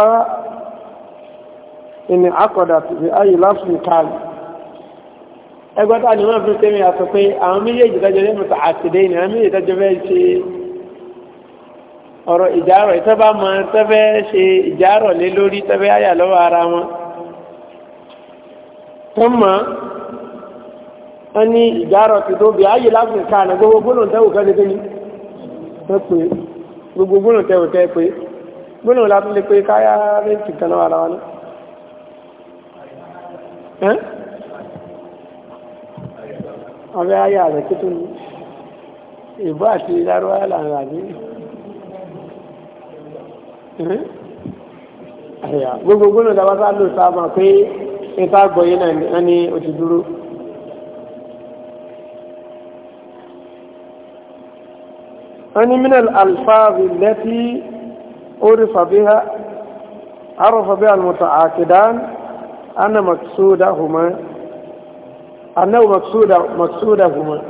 إن عقدت بأي لفظ كان ẹgbẹ́ tá ni wọ́n fi tẹ́mi àtọ́ pé àwọn méjèèjì tọ́jọ́ ní mọ̀tà àtìdé ni àwọn méjèèjì tọ́jọ́ fẹ́ ṣe ọ̀rọ̀ ìjárọ̀ ìtọ́bá mọ tọ́fẹ́ ṣe ìjárọ̀ lé lórí tọ́fẹ́ àyà lọ́wọ́ ara wọn tó mọ̀ wọ́n ní ìjárọ̀ ti tó ayé lágùn kan gbogbo gbólóǹtẹ́wò kan ní wọ́n pè gbogbo gbónà tẹ́wọ̀ tẹ́ pé gbónà látún lè pé káyá rẹ́ǹtì kan náà ara wa ní. ọbẹ̀ ayé rẹ̀ kí tó ní ìbọ́ àti ìdárúwá làǹrà ní. gbogbo gbónà tẹ́wọ́ sá lò sáà mọ̀ pé ìta gbọ̀yé náà ní ó ti dúró. أن من الألفاظ التي عرف بها عرف بها المتعاقدان أن مقصودهما أنه مقصود مقصودهما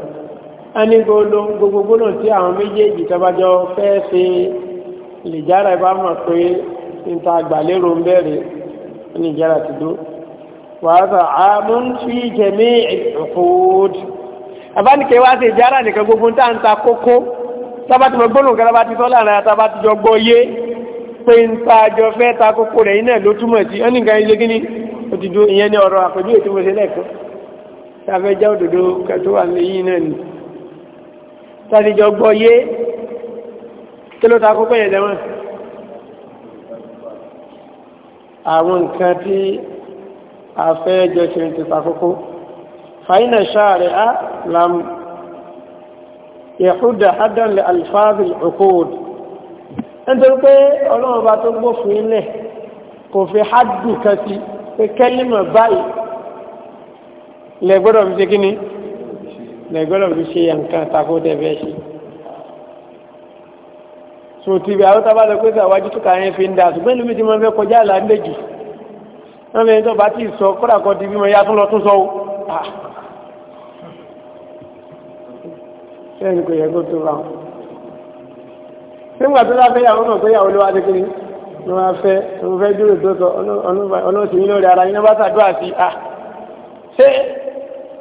أني gbogbo gbólóhùn tí àwọn méjèèjì tọ́bájọ́ fẹ́ ṣe lìjára ìbá mọ̀ pé níta àgbàlérò ń bẹ̀rẹ̀ ní ìjára ti dó wàhálà àmún fi jẹ̀mí ìfòòdì abánikẹ́ wá sí ìjára nìkan gbogbo ń tà ń ta kókó tábàtì mọ̀ gbónú nǹkan tábàtì tọ́ láàrin àtàbàtì jọ gbọ́ yé pé ń ta àjọ fẹ́ ta kókó rẹ̀ iná ló túmọ̀ sí ọ́ nìkan ilé kíní ó ìyẹn ní ọ̀rọ̀ àpèjú ètò mo ṣe lẹ́ẹ̀kan tàbẹ́ já òdòdó kẹtó wà ní yìí náà ni tàbí jọ gbọ́ yé kí ló ta kókó yẹn lẹ́wọ̀n àwọn nǹkan tí a fẹ́ jọ ṣe ti ta kókó fàyínà ṣáà rẹ̀ á làmù yẹ̀kúdà adánlẹ̀ alifáàbì ọkọ̀ọ̀dù nítorí pé ọlọ́run bá tó gbófin ilẹ̀ kò fi hádù kan sí pé kẹ́límọ̀ báyìí lẹ́gbọ́dọ̀ fi ṣe kíní lẹ́gbọ́dọ̀ fi ṣe nǹkan tako tẹ̀fẹ́ ṣe so tìbí àwọn tábà lọ pé sàwájú tó kàáyé fi ń dà ṣùgbọ́n ìlú mi ti máa fẹ́ kọjá àlàndèjì wọ́n lè tó bá ti sọ kọ́dà kan ti bímọ ya tún lọ tún sọ sẹ́yìn kò yẹ kó tó bá wọn. nígbà tó bá fẹ́yàwó náà fẹ́yàwó ló wá dé kiri ló wá fẹ́ òun fẹ́ dúró tó sọ ọlọ́sìn lórí ara yín náà bá ṣàdúrà sí à ṣé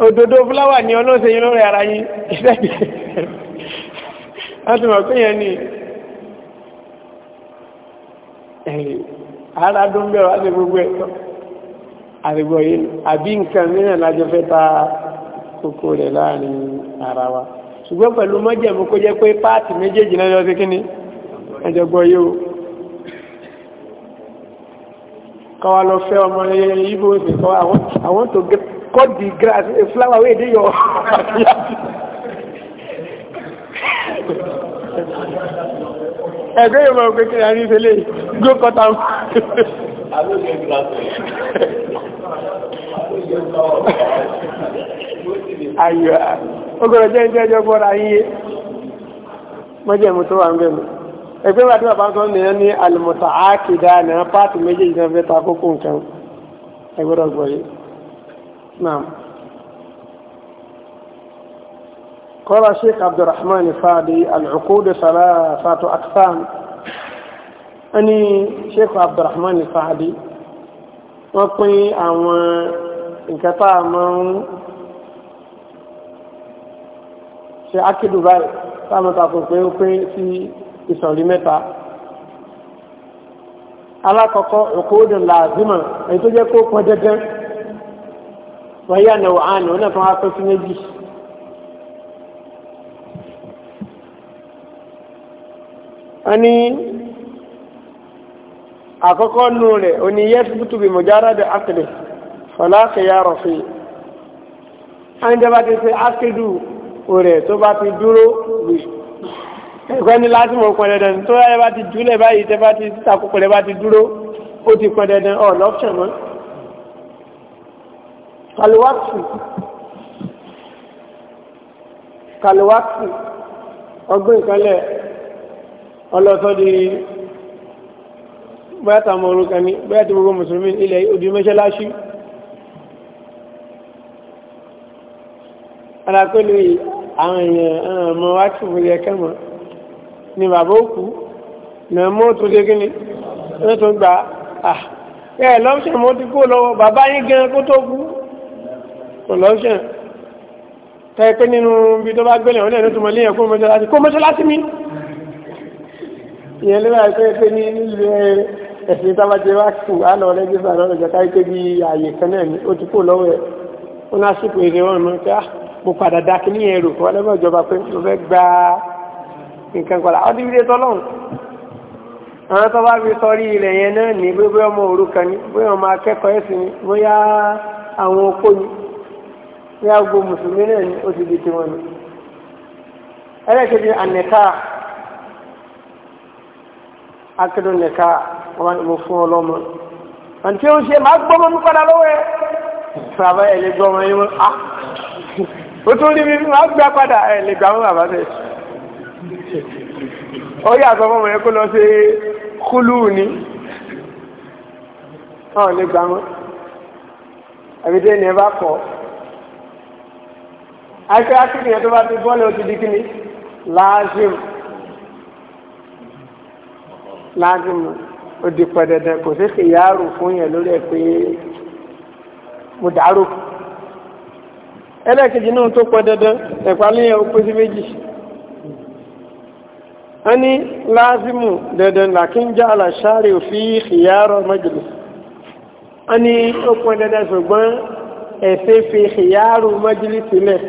òdòdó fúláwà ni ọlọ́sìn lórí ara láti mọ̀ pé yẹn ni ara dún bẹ́ẹ̀ wá sí gbogbo yìí àbí nǹkan mìíràn lájọ fẹ́ ta ṣùgbọ́n pẹ̀lú mọ́jẹ̀mú kó jẹ́ pé páàtì méjèèjì lọ́jọ́ sí kíní ẹjọ́gbọ́ yóò kọwa lọ fẹ́ ọmọ ibo sí kọwa àwọn tó gẹ́ cut the grass a flower wey dey your ẹgbẹ́ yóò mọ̀ pé kíni a ní ìfẹ́lẹ̀ go cut am. ayọ̀ ọgọ́rọ̀ jẹ́ ní ẹjọ́ gbọ́ra yíyé mọ́jẹ̀mú tó wà ń bẹ̀rù ẹgbẹ́ bàtí bàbá sọ nìyẹn ní àlùmọ̀tà ákìdá náà páàtì méjèèjì náà fẹ́ ta kókó nǹkan ẹgbẹ́rọ̀ gbọ́ yìí náà قال الشيخ عبد الرحمن الفادي العقود ثلاثة أقسام أني شيخ عبد الرحمن الفادي wọ́n pín àwọn nǹkan tá a máa ń ṣe akédù báyìí táwọn tako pé ó pé sí ìsọ̀rí mẹ́ta alákọ̀ọ́kọ́ òkúdù làzímà èyí tó jẹ́ kó pọn dandan wọ́n yà náà àná ó náà tó wá pẹ́ sí méjì. wọ́n ní àkọ́kọ́ nù rẹ̀ ó ní yẹ́ tuntun bí mọ̀jára dẹ̀ ákìlẹ̀ fọlá kẹyà rọ̀ fi. àwọn ìjọba ti ṣe ákìlù orẹ̀ tó bá ti dúró wì ẹ̀kọ́ ní láti mọ̀ pọn dandan tó yẹ bá ti júlẹ̀ báyìí tẹ́ bá ti takùkù rẹ̀ bá ti dúró ó ti pọn dandan ọ̀ lọ́pṣọ̀n mọ́ kàlùwákì kàlùwákì ọgbọ́n ìkanlẹ̀ ọlọ́tọ́ di bẹ́ẹ̀ tàmọ̀ orúkọ ní bẹ́ẹ̀ tí gbogbo mùsùlùmí ilẹ̀ òdì mẹ́ṣẹ́láṣí alákòlù yìí àwọn èèyàn ọmọ wá tí mo yẹ kẹ́mọ̀ ni bàbá òkú náà mọ́ tó dé gíní wọ́n tó gbà á ah, ẹ̀ lọ́pṣẹ̀ mo ti kó lọ́wọ́ bàbá yín gan kó tó kú kò lọ́pṣẹ̀ tẹ́ pé nínú ibi tó bá gbẹ̀lẹ̀ ọ̀nà ìrètò mọ́lẹ́ yẹn kó ni ó ti kó lọ́wọ́ ẹ̀ ó náà sì pé èrè wọn mọ́ pé á mo padà da kí ní ẹrù wọn lọ́wọ́ ìjọba pé mo fẹ́ gba nǹkan padà ọdún ilé tọ́lọ́run àwọn tó bá fi sọrí ilẹ̀ yẹn náà ní gbogbo ọmọ òrukàn ni bóyá ọmọ akẹ́kọ̀ọ́ ẹ̀sìn ni bóyá àwọn opó ni bóyá gbogbo mùsùlùmí náà ni ó ti di tiwọn ni ẹlẹ́kẹ̀dì ànẹ́ká akédùn nẹ́ká wọn mo fún ọ lọ́mọ àti tí ó ṣe máa gbọ́mọ́ mi padà lọ́wọ́ ẹ̀ tàbá ẹ̀ lè gbọ́mọ́ yín mọ́ ah ó tún rí mi máa gbá padà ẹ̀ lè gbà mọ́ bàbá tẹ̀. ó yà sọ fún ọmọ yẹn kó lọ sí kúlù ní ọ̀ lè gbà mọ́ àbídé ni ẹ bá kọ́ àti akíni ẹ tó bá ti bọ́ọ̀lù ó ti di kíni láàzìm láàzìm ó di pẹ̀dẹ̀dẹ̀ kò sí kìyàrù fún yẹn lórí ẹ̀ pé mo dàrú ẹlẹ́ẹ̀kejì náà tó pọ̀ dandan ẹ̀pà léyàn ó pé sí méjì a ní láàzímù dandan làkínjá aláṣáre òfin ìyàrọ̀ mọ́jìlì a ní ó pọ̀ dandan ṣùgbọ́n ẹ̀fẹ́ fi ìyàrọ̀ mọ́jìlì sílẹ̀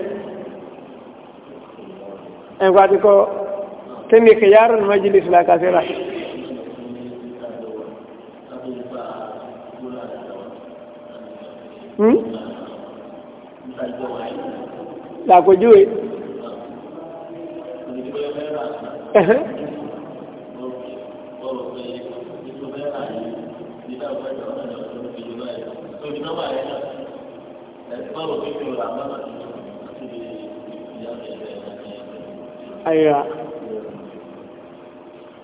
ẹ̀pà ti kọ́ ìyàrọ̀ mọ́jìlì sílẹ̀ kásíra Hmm? làpèjúwe. Àyà.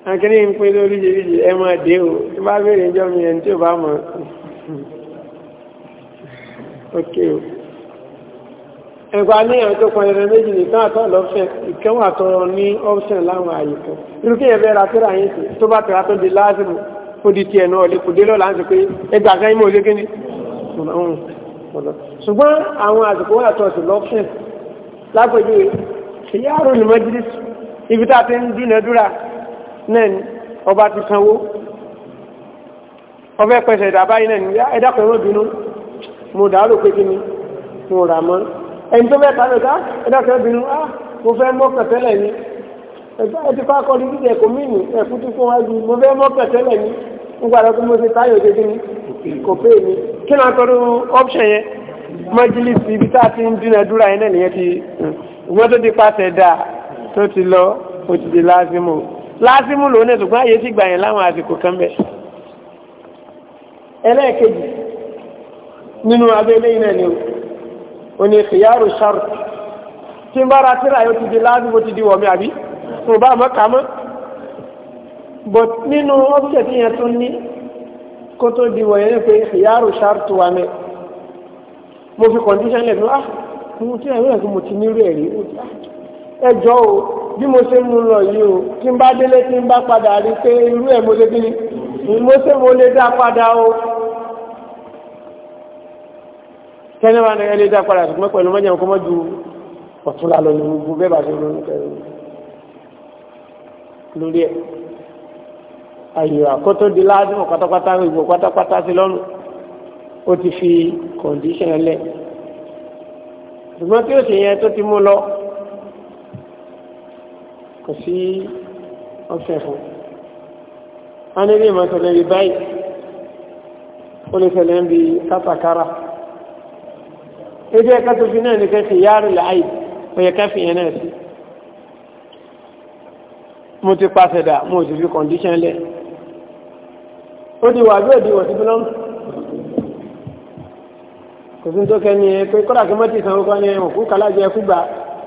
Akíní ń pín lóríṣiríṣi ẹ máa dé o, tí bá bèèrè ìjọ́ mi ẹni tí ò bá mọ̀. Ok o. Okay ẹgbà ní ẹ̀rọ tó kan ẹ̀rọ méjì nìkan àtọ́ lọ́fẹ́ ìkẹwọ́n àtọrọ ní option láwọn ààyè kan irú kí ẹ̀fẹ́ ra tẹ́ra yín sí tó bá tẹ̀ra tó di láàzìmù ó di tiẹ̀ náà lè kò dé lọ́la ń pé ẹgbà ìmọ̀ òṣèké ni ṣùgbọ́n àwọn àsìkò wà tọ̀ sí lọ́pṣìn ni ọba ti sanwó ọbẹ̀ pẹ̀sẹ̀ ìdàbáyé náà ni ẹ̀dàkùnrin mọ́ bínú mo dàárò pé kí ẹni tó mẹ́ta lè ká ẹ̀dọ́kẹ́ obìnrin á ah, mo fẹ́ mọ́ pẹ̀tẹ́lẹ̀ ni ẹ ti kọ́ akọ́ni títí ẹ̀kọ́ mínú ẹ̀kú tí fún wájú mo fẹ́ mọ́ pẹ̀tẹ́lẹ̀ ni ń tó mo ṣe táyọ̀ gẹ́gẹ́ ni kò pé mi kí náà tọrọ option yẹn mọ́jílísì ibi tá a ti ń dúnadúrà yẹn náà nìyẹn ti ìwọ́n tó ti pàṣẹ dáa tó ti lọ ó ti di láásìmù láásìmù lòun ṣùgbọ́n àyè ti gbà yẹn láwọn àsìkò kan bẹ́ẹ̀ ẹlẹ́ẹ̀kejì nínú abẹ́lé yìí náà ni o ó ní kìyàrù sharp tí ń bá ra tíra yóò ti di láàbí bó ti di wọ̀mí àbí tó bá mọ́ kàmọ́ but nínú ọ́pṣẹ̀ tí yẹn tún di wọ̀nyẹn ní pé kìyàrù sharp tó wà mẹ́ mo fi condition lẹ̀ ah mo ti rẹ̀ lọ́sọ̀ mo ti ní rẹ̀ rí ẹjọ́ o mo ṣe mú lọ yìí o tí ń bá délé tí padà rí pé irú ẹ̀ mo lè bí ni mo ṣe mo lè dá padà o tẹ́lẹ̀ bá nẹ́gẹ́ lé dá padà ṣùgbọ́n pẹ̀lú mọ́jà kọ́mọ́ ju ọ̀túnla lọ ní gbogbo bẹ́ẹ̀ bá ṣe ronú kẹrù lórí ẹ̀ ayò àkótó di ládùn pátápátá ìgbò pátápátá sí lọ́nu ó ti fi kọ̀ǹdíṣàn lẹ̀ ṣùgbọ́n tí ó sì yẹn tó ti mú lọ kò sí ọ̀sẹ̀ fún wọn ní ilé ìmọ̀sọ̀lẹ̀ yìí báyìí ó lè ṣẹlẹ̀ ń bi kátàkárà ojú ẹ̀ka tó fi náà ní kẹsì yáàrù láàyè ọ̀yẹ̀ káfí yẹn náà sí mo ti pàṣẹ dà mo sì fi kọ̀ǹdíṣàn lẹ̀ ó di wà bí òdi wọ̀sí bílọ́mù kò sí tó kẹ́ni ẹ pé kọ́dà kí mọ́tì sanwó kọ́ ni ẹ òkú kàlájẹ ẹkú gbà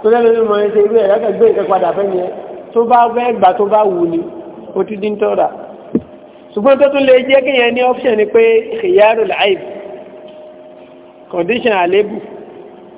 tó lẹ́nu ní mọ̀ ẹ ṣe irú ẹ̀ lọ́kẹ́ gbé ìkẹ́ padà fẹ́ ni ẹ tó bá fẹ́ gbà tó bá wù ni ó ti dín tọ́ra ṣùgbọ́n tó tún lè jẹ́ kéèyàn ní option ni pé ìyáàrò láàyè condition àlébù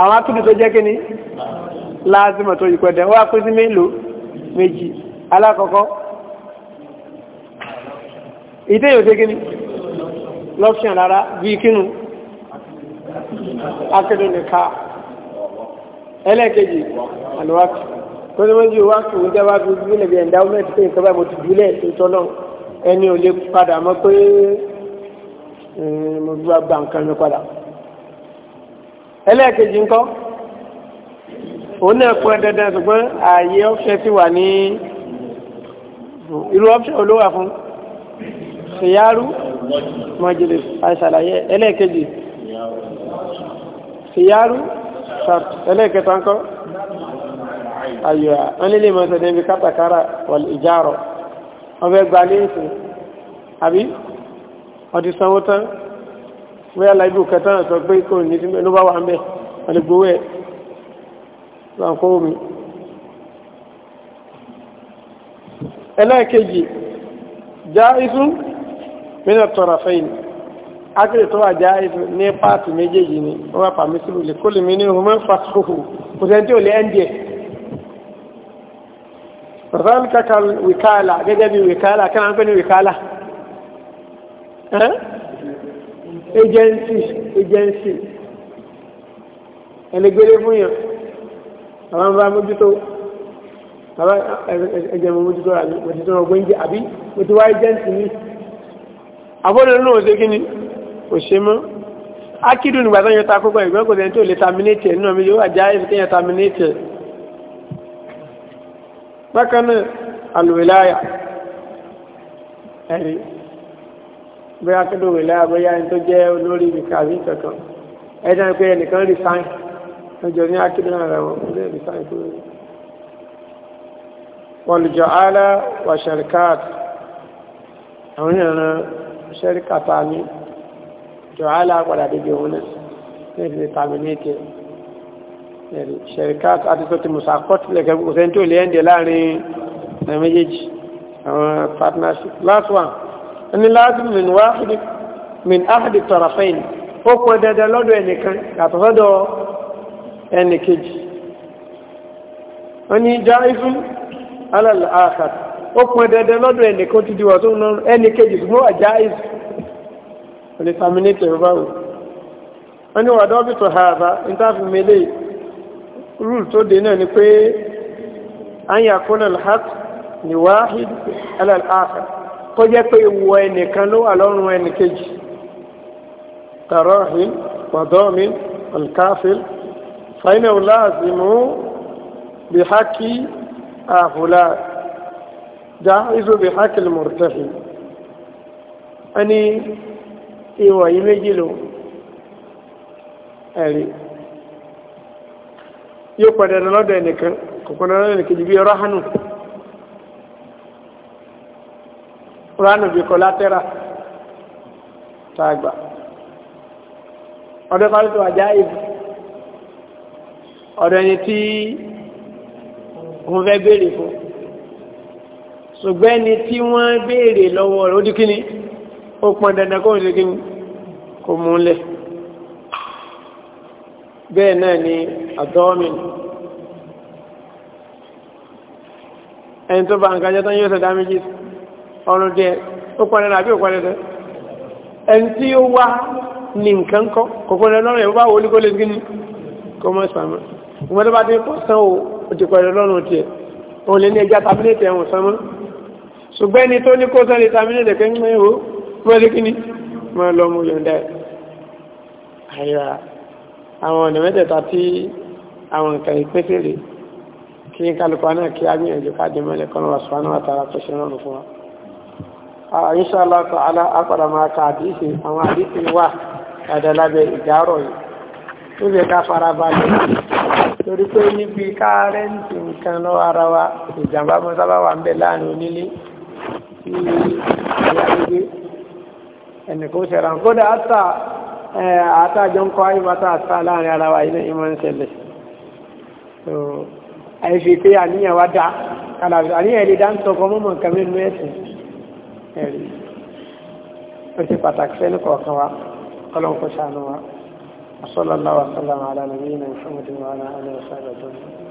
àwọn akídù tó jẹ́ kí ni láàzìmọ̀ tó yípo ẹ̀dẹ̀ wá pín sí mélòó méjì alákọ̀ọ́kọ́ ìtẹ́yìn òṣèké ní lọ́pṣìn rárá bí kínú akídù nìka ẹlẹ́ẹ̀kejì àlùwákì tó ní méjì wákì ń jẹ́ wákì bí lẹ́bi endowment pé nǹkan báyìí mo ti dúlẹ̀ tó ẹlẹ́ẹ̀kejì ńkọ́ òun náà pọn dandan ṣùgbọ́n ààyè ọ́fíṣẹ́ ti wà ní irú ọ́fíṣẹ́ olówà fún ṣìyárú mọ́jìlì àṣàlàyé ẹlẹ́ẹ̀kejì ṣìyárú ẹlẹ́ẹ̀kẹta ńkọ́ ayọ̀ wọn nílé mọ́tò débi kátàkárà wọ̀l ìjárọ̀ wọn fẹ́ gbalé àbí ọdí sanwó tán bóyá láìbù kẹta náà sọ pé kò ní sí mẹ́lú bá wà ń bẹ̀ àlègbówó ẹ̀ lọ àkọ́ omi ẹlẹ́ẹ̀kejì já ìsún mínà tọ̀rọ̀ fẹ́yìn ákìlẹ̀ tó wà já ìsún ní pààtì méjèèjì ni ó wà pàmí sílù lè kó lè mí ní ọmọ fàṣọ́hù kò sẹ́ni tí ò lè ẹ́ndì rọ́n kàkà wìkálà gẹ́gẹ́ bí wìkálà kí agency agency ẹni gbélé fún yàn àwọn bá mójútó bàbá ẹ̀jẹ̀ mọ̀ mójútó rà ní mójútó ọgbọ́n oúnjẹ àbí mo ti wá agency ní àbọ̀dọ̀ nínú òṣè kí ni òṣè mọ́ akídùn nígbà tó yẹ ta kókó ìgbẹ́ kò sẹ́ni tó lè terminate ẹ̀ nínú àmì yóò já ẹ̀sì kéèyàn terminate ẹ̀ bákan náà alùwẹ̀láyà ẹ̀rí bóyá tó lòwè láyà bóyá ẹni tó jẹ́ olórí nìkan àbí kankan ẹ dáná pé ẹnìkan rí sáìn lọ́jọ́ ní akéde náà rẹ̀ wọ́n lè rí sáìn tó rí. wọ́lùjọ́ àlà wà ṣẹ̀ríkàt àwọn ìrìnà ṣẹ̀ríkàtà ní jọ àlà padà débi òun náà ní ìfìlẹ̀ tàbí ní ètè ṣẹ̀ríkàt àti tó ti mùsàkọ́tì lẹ́kẹ̀ẹ́ kò sẹ́ni tó lè láàrin méjèèjì àwọn partnership last one ẹni láti min áhìdì tọ̀rọ̀fẹ́yìn ó pọ̀ dandan lọ́dọ̀ ẹnìkan yàtọ̀ sọ́dọ̀ ẹnìkejì wọ́n ní já ifun alal akhar ó pọ̀ dandan lọ́dọ̀ ẹnìkan ti diwọ̀ tó ń lọ́rùn ẹnìkejì ṣùgbọ́n wà já ifun olè terminate ẹ̀rọ báwò wọ́n ní wàdọ́ bí ni pé an yakuna alhaq kó jẹ́ pé ìwọ ẹnìkan ló wà lọ́rùn ẹnìkejì tàrọ́ọ̀hì wàdọ́ọ̀mì alkafil fàyínà ọ̀làzìmù bìhákì àhùlà jáìzù bìhákì mùrtẹ̀hì ẹni ìwọ̀ yìí méjì lò ẹ̀rí yóò padà lọ́dọ̀ ẹnìkan kò ẹnìkejì bí ọ̀rọ̀ hánù kúránù bí kọlátẹ́rà tàgbà ọ̀dọ̀ fàlítò àjá ìbù ọ̀dọ̀ ẹni tí wọ́n fẹ́ béèrè fún ṣùgbọ́n ẹni tí wọ́n béèrè lọ́wọ́ rẹ̀ ó dí kíní ó pọn dandan kó ń ṣe kíní kò mú lẹ̀ bẹ́ẹ̀ náà ni àdọ́mìn ẹni tó bá nǹkan jẹ́ tán yóò ṣẹ̀dá méjì sí ọ̀run díẹ̀ ó pọn dandan àbí ó pọn dandan ẹni tí ó wá ní nǹkan kọ́ kò pọn dandan lọ́rùn ẹ̀ bá wọlé kó lè gíní kó mọ̀ sàmọ́ ìmọ̀ tó bá dé kó sàn ó ó ti pọn dandan lọ́rùn tiẹ̀ òun lè ní ẹja tàbílẹ̀tì ẹ̀wọ̀n sàmọ́ ṣùgbọ́n ẹni tó ní kó sàn lè tàbílẹ̀tì kẹ́ náà kí á gbìyànjú ká dìmọ́lẹ̀ kọ́nà wà sùpánà wà tààrà tó ṣe rọrùn fún wa Ah, inshallah ta'ala apàdà máa ka àdìsí àwọn àdìsí wà àdàlábẹ̀ ìdárọ̀ yìí tó bẹ̀ ká fara balẹ̀ torí pé níbi kárẹ́ǹtì nǹkan lọ ara wa ìjàmbá mọ́ sábà wà ń bẹ̀ láàrin onílé tí ìyá gbé ẹnìkan ṣẹ̀ra kódà àtà àtàjọ ń kọ́ àyíbátà àtà láàrin ara wa ilé ìmọ̀ ń ṣẹlẹ̀ àìfi pé àníyàn ẹ̀rí ó ṣe pàtàkì fẹ́ ní kọ̀ọ̀kan wa ọlọ́run kò ṣàánú wa sallallahu alaihi wa sallam ala nabiyina muhammadin wa ala alihi wa sahbihi